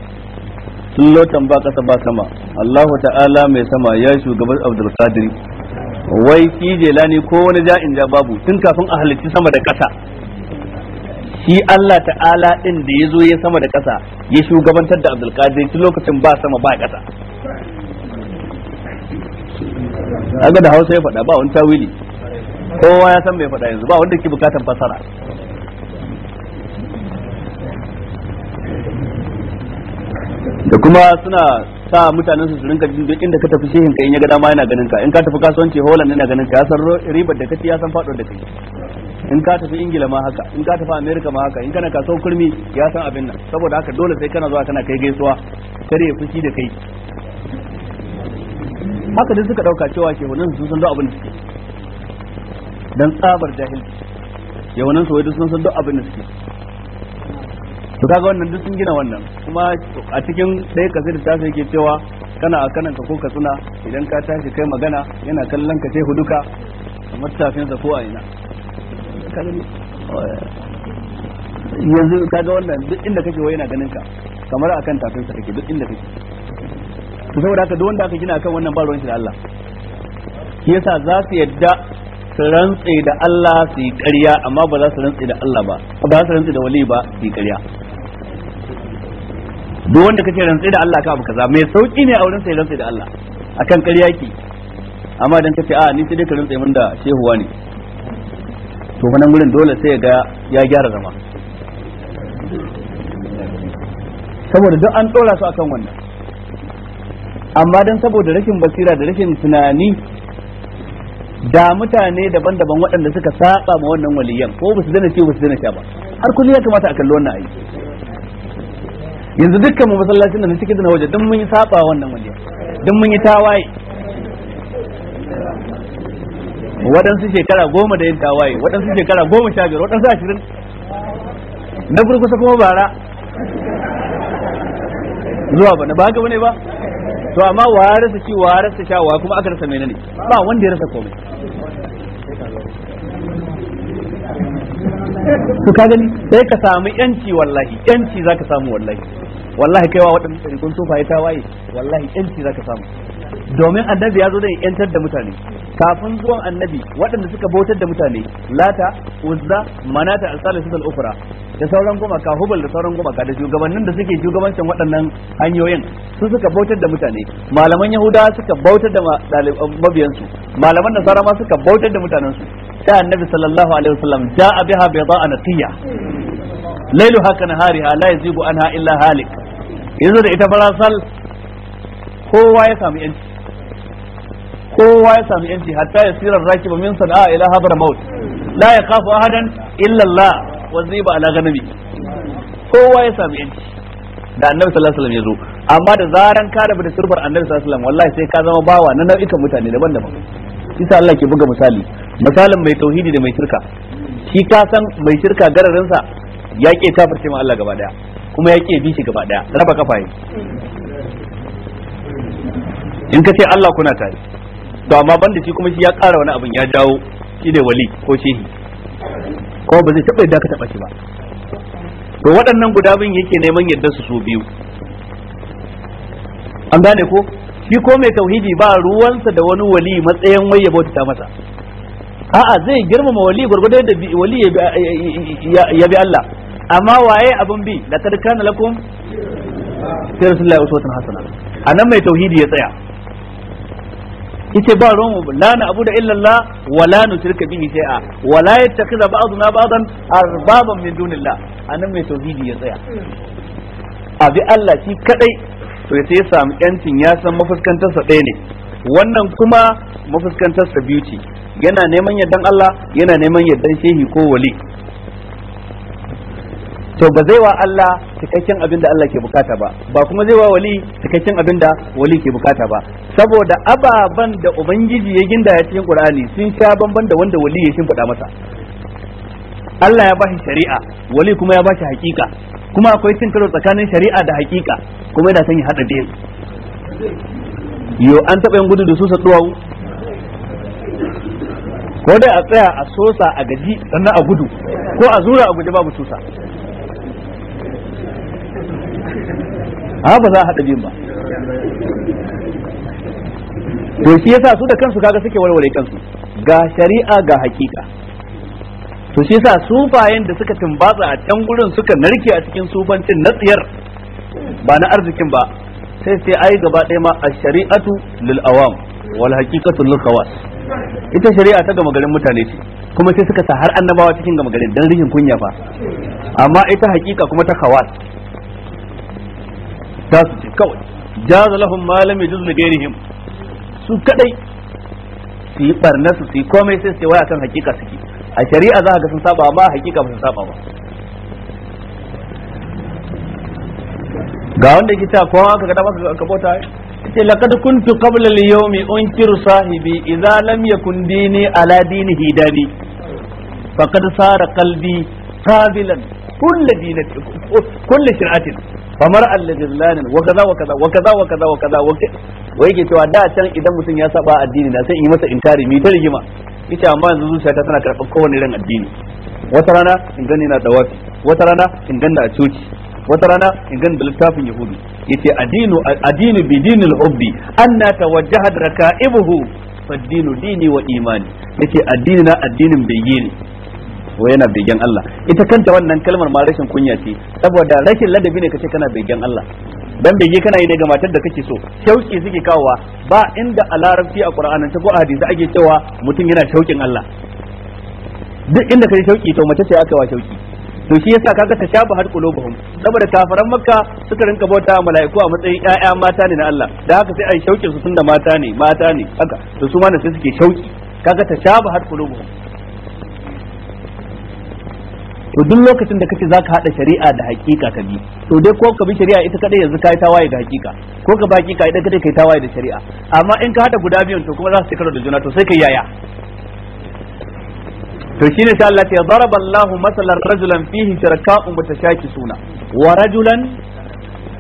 sun lotan ba kasa ba sama Allahu ta'ala mai sama ya shugaban Abdul Qadir wai shi jelani ko wani ja'in ja babu tun kafin a halicci sama da kasa shi Allah ta'ala din da ya zo ya sama da kasa ya shugabantar da Abdul Qadir tun lokacin ba sama ba kasa aga da Hausa ya faɗa ba wani tawili kowa ya san mai faɗa yanzu ba wanda ke bukatan fasara da kuma suna sa mutanen su rinka jin duk inda ka tafi shehin kai in ya ga dama yana ganin ka in ka tafi kasuwanci Holland yana ganin ka ya san ribar da kake ya san fadon da kai in ka tafi Ingila ma haka in ka tafi America ma haka in kana kasuwar kurmi ya san abin nan saboda haka dole sai kana zuwa kana kai gaisuwa kare ya fushi da kai haka dai suka dauka cewa wannan su san duk abin da suke dan tsabar jahilci yawanan su wai duk sun san duk abin da suke to kaga wannan duk sun gina wannan kuma a cikin ɗaya kasida da sai yake cewa kana a kanan ka ko ka tsuna idan ka tashi kai magana yana kallon ka sai huduka tafin sa ko a ina yanzu kaga wannan duk inda kake wai yana ganin ka kamar a kan tafin sa kake duk inda kake to saboda haka duk wanda aka gina akan wannan ba ruwan shi da Allah yasa za su yadda su rantse da Allah su yi ƙarya amma ba za su rantse da Allah ba ba za su rantse da wali ba su yi ƙarya duk wanda kace rantsi da Allah ka abu kaza mai sauki ne a wurin sai rantsi da Allah akan ƙarya ki amma dan kace a ni sai dai ka rantsi min da shehuwa ne to wannan gurin dole sai ga ya gyara zama saboda duk an tsora su akan wannan amma dan saboda rashin basira da rashin tunani da mutane daban-daban waɗanda suka saba ma wannan waliyan ko ba su zana ce ba su zana sha ba har kullum ya kamata a kalli wannan aiki yanzu dukkan mu masallacin da na cikin da na waje don mun yi saba wannan waje don mun yi tawaye waɗansu shekara goma da yin tawaye waɗansu shekara goma sha biyar waɗansu ashirin na sa kuma bara zuwa na ba gaba ne ba to amma wa rasa ci wa rasa sha wa kuma aka rasa menene ba wanda ya rasa komai to ka gani sai ka samu yanci wallahi yanci zaka samu wallahi wallahi kaiwa waɗanda kun tufa ya waye wallahi yanci za ka samu domin annabi ya zo da yantar da mutane kafin zuwan annabi waɗanda suka bautar da mutane lata uzza manata alsala sisal ukura da sauran gumaka hubal da sauran gumaka da shugabannin da suke shugabancin waɗannan hanyoyin su suka bautar da mutane malaman yahudawa suka bautar da um, mabiyansu malaman nasara ma suka bautar da mutanensu sai annabi sallallahu alaihi wasallam ja'a biha bayda anatiya lailu hakana hariha la yazigu anha illa halik yanzu da ita barasal kowa ya sami yanci kowa ya sami yanci hatta ya sirar ba min sana'a ila hadar maut la ya kafu ahadan illa Allah wa ziba ala ganami kowa ya sami yanci da annabi sallallahu alaihi wasallam ya zo amma da zaran ka rabu da surbar annabi sallallahu alaihi wasallam wallahi sai ka zama bawa na nau'ikan mutane daban-daban isa Allah ke buga misali misalin mai tauhidi da mai shirka shi ka san mai shirka gararinsa ya ke kafirce ma Allah gaba daya kuma ya ke bi shi gaba daya raba kafa yi in ka ce Allah kuna tare to amma banda shi kuma shi ya kara wani abin ya jawo shi ne wali ko shehi ko ba zai taɓa yadda ka taɓa shi ba to waɗannan guda bin yake neman yadda su su biyu an gane ko shi ko mai tauhidi ba ruwansa da wani wali matsayin ya bauta ta masa a'a zai girmama wali gurgurda da wali ya bi Allah amma waye abun bi laqad kana lakum sai rasulullahi uswatun hasana anan mai tauhidi ya tsaya yace ba ruwan la na abu da illallah wa la nushrika bihi shay'a wa la yattakhidha ba'duna ba'dan arbaban min dunillah anan mai tauhidi ya tsaya abi Allah shi kadai to sai ya samu yancin ya san mafuskantarsa ɗaya ne wannan kuma mafuskantarsa biyu ce yana neman yardan Allah yana neman yardan shehi ko wali to ba zai wa Allah cikakken abin da Allah ke bukata ba ba kuma zai wa wali cikakken abin da wali ke bukata ba saboda ababan da ubangiji ya ginda ya cikin Qur'ani sun sha bamban da wanda wali ya shimfiɗa masa Allah ya bashi shari'a wali kuma ya bashi hakika kuma akwai cin tsakanin shari'a da hakika kuma yana son ya hada biyu yo an taɓa yin gudu da su duwawu ko dai a tsaya a sosa a gaji sannan a gudu ko a zura a guji babu tusa ba za a haɗa biyun ba to shi yasa su da kansu kaga suke warware kansu ga shari'a ga hakika to shi yasa sufayen da suka tumbatsa a can gurin suka narke a cikin sufancin na tsiyar ba na arzikin ba sai sai ai gaba ɗaya ma a shari'atu lil awam wal haqiqatu lil khawas ita shari'a ta gama garin mutane ce kuma sai suka sa har annabawa cikin gama garin dan rihin kunya fa amma ita hakika kuma ta khawas tasu ce kawai jaza lahum ma lam yajuz li ghairihim su kadai su yi barna su yi komai sai su ce waya kan hakika suke a shari'a za ga sun saba amma hakika ba sun saba ba ga wanda yake cewa kowa aka ga dama ka bauta ce laqad kuntu qabla al-yawmi unkiru sahibi idza lam yakun dini ala dini hidani faqad sara qalbi qabilan kull dinati kull shir'atin famar al-ghizlan wa kaza wa kaza wa kaza wa kaza wa kaza wa yake cewa da can idan mutum ya saba addini na sai in yi masa inkari mi ta rigima ita amma yanzu zuciyata tana karɓar kowane irin addini wata rana in gani na dawafi wata rana in gani a coci wata rana in gani da littafin yahudu yace addinu addinu bi dinil hubbi anna tawajjahat raka'ibuhu fa dinu dini wa imani yace addini na addinin bayyini ko yana begen Allah ita kanta wannan kalmar ma rashin kunya ce saboda rashin ladabi ne kace kana begen Allah dan bege kana yi ne ga matar da kake so shauki suke kawowa ba inda a larabci a Qur'anin ta ko a hadisi ake cewa mutum yana shaukin Allah duk inda kai shauki to mace ce aka wa shauki to shi yasa kaga ta shafa har kulubuhum saboda kafaran makka suka rinka bauta mala'iku a matsayin ƴaƴa mata ne na Allah da haka sai ai shaukin su tunda mata ne mata ne haka to su ma ne sai suke shauki kaga ta shafa har kulubuhum to duk lokacin da kace zaka hada shari'a da hakika ka bi to dai ko ka bi shari'a ita kadai yanzu kai tawaye da hakika ko ka ba hakika idan kadai kai tawaye da shari'a amma in ka hada guda biyun to kuma za su karo da juna to sai kai yaya to shine sai Allah ya daraba Allah masalan rajulan fihi mutashaki suna wa rajulan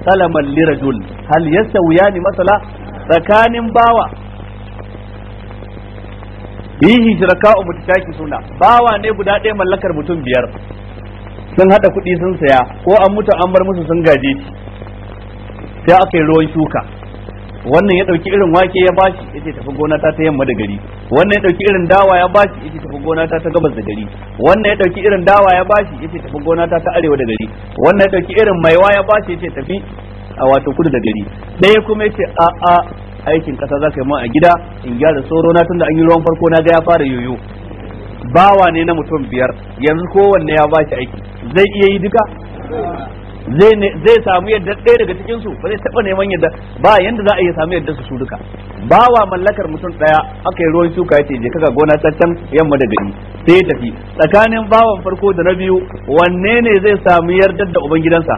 salaman li rajul hal yasawiyani masala tsakanin bawa bihi shiraka'u mutashaki suna bawa ne guda ɗaya mallakar mutum biyar sun hada kuɗi sun saya ko an mutu an bar musu sun gaje shi sai aka yi ruwan shuka wannan ya dauki irin wake ya bashi yace tafi gona ta ta yamma da gari wannan ya dauki irin dawa ya bashi yace tafi gona ta ta gabas da gari wannan ya dauki irin dawa ya bashi yace tafi gona ta ta arewa da gari wannan ya dauki irin maiwa ya bashi yace tafi a wato kudu da gari ɗaya kuma yace a a aikin kasa za ka yi a gida in gyara tsoro na tunda an yi ruwan farko na ga ya fara yoyo bawa ne na mutum biyar yanzu kowanne ya bashi aiki zai iya yi duka zai samu yadda ɗaya daga cikin su ba zai taɓa neman yadda ba yadda za a iya samu yadda su su duka ba wa mallakar mutum ɗaya aka yi ruwan shuka ya ce je kaga gona ta can yamma da gari sai ya tafi tsakanin bawan farko da na biyu wanne ne zai samu yardar da ubangidansa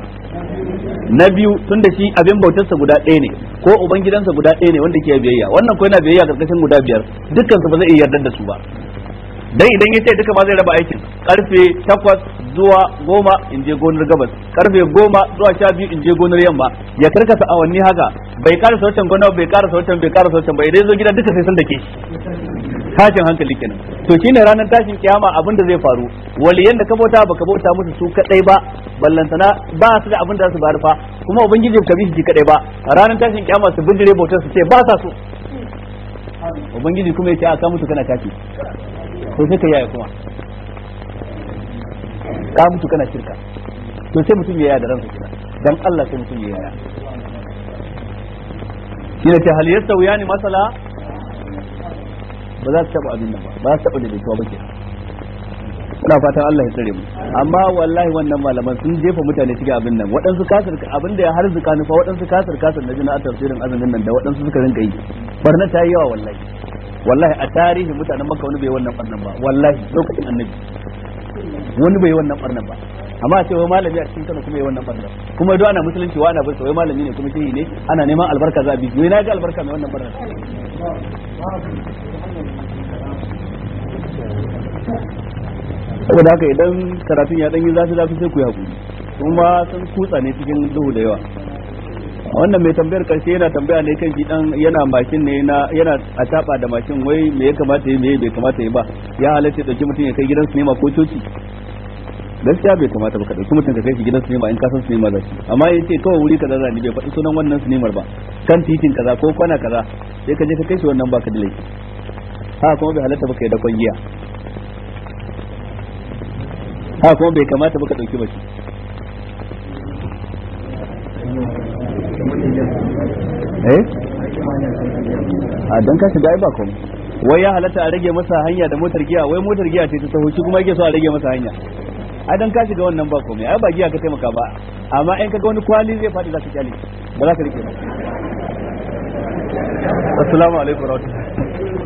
na biyu tun da shi abin bautarsa guda ɗaya ne ko ubangidansa guda ɗaya ne wanda ke biyayya wannan ko yana biyayya ƙarƙashin guda biyar dukkan su ba zai iya yardar da su ba dan idan ya ce duka ma zai raba aikin karfe 8 zuwa 10 in je gonar gabas karfe 10 zuwa 12 in je gonar yamma ya karkasa awanni haka bai ƙara sautan gona bai ƙara sautan bai ƙara sautan bai dai zo gida duka sai san dake tashin hankali kenan to shine ranar tashin kiyama abin da zai faru waliyan da ka bauta baka bauta musu su kadai ba ballantana ba su da abin da su bari fa kuma ubangiji ka bi shi kadai ba ranar tashin kiyama su bindire bautar su ce ba sa so ubangiji kuma ya ce a ka su kana tafi to sai ka yaya kuma ka mutu kana shirka to sai mutum ya yaya da ransa kira dan Allah sai mutum ya yaya kina ce hal wuya ne masala ba za su taba abin nan ba ba za su taba da daidaituwa ba ke ina fatan Allah ya tsare mu amma wallahi wannan malaman sun jefa mutane cikin abin nan waɗansu kasir abin da ya har zuka nufa waɗansu kasir kasir na jina a tafsirin azumin nan da waɗansu suka rinka yi barna ta yi yawa wallahi wallahi a tarihi mutanen maka wani bai wannan barnan ba wallahi lokacin annabi wani bai wannan barnan ba amma a ce wai malami a cikin Kano kuma yi wannan barnan kuma idan ana musulunci wa ana bai sa wai malami ne kuma shehi ne ana neman albarka za bi wai na ga albarka mai wannan barnan saboda haka idan karatun ya danyi zafi zafi sai ku yi hakuri kuma sun kutsa ne cikin duhu da yawa wannan mai tambayar karshe yana tambaya ne kan gidan yana makin ne na yana a taba da makin wai me ya kamata yi me bai kamata yi ba ya halatta dauki mutum ya kai gidan sinima ko coci gaskiya bai kamata ba ka dauki mutum ka kai gidan sinima in ka san sinima za shi amma ya ce kawai wuri kaza ne bai faɗi sunan wannan sinimar ba kan titin kaza ko kwana kaza sai ka je ka kai shi wannan baka da laifi ha kuma bai halatta ba ka yi da kwangiya ha kuma bai kamata ba ka dauki ba shi eh a don ka shiga ai ba komai wai ya halatta a rage masa hanya da motar giya wai motar giya ce ta taho shi kuma yake so a rage masa hanya ai dan ka shiga wannan ba komai ai ba giya ka taimaka ba amma in kaga wani kwali zai faɗi za ka kyale ba za ka rike ba assalamu alaikum warahmatullahi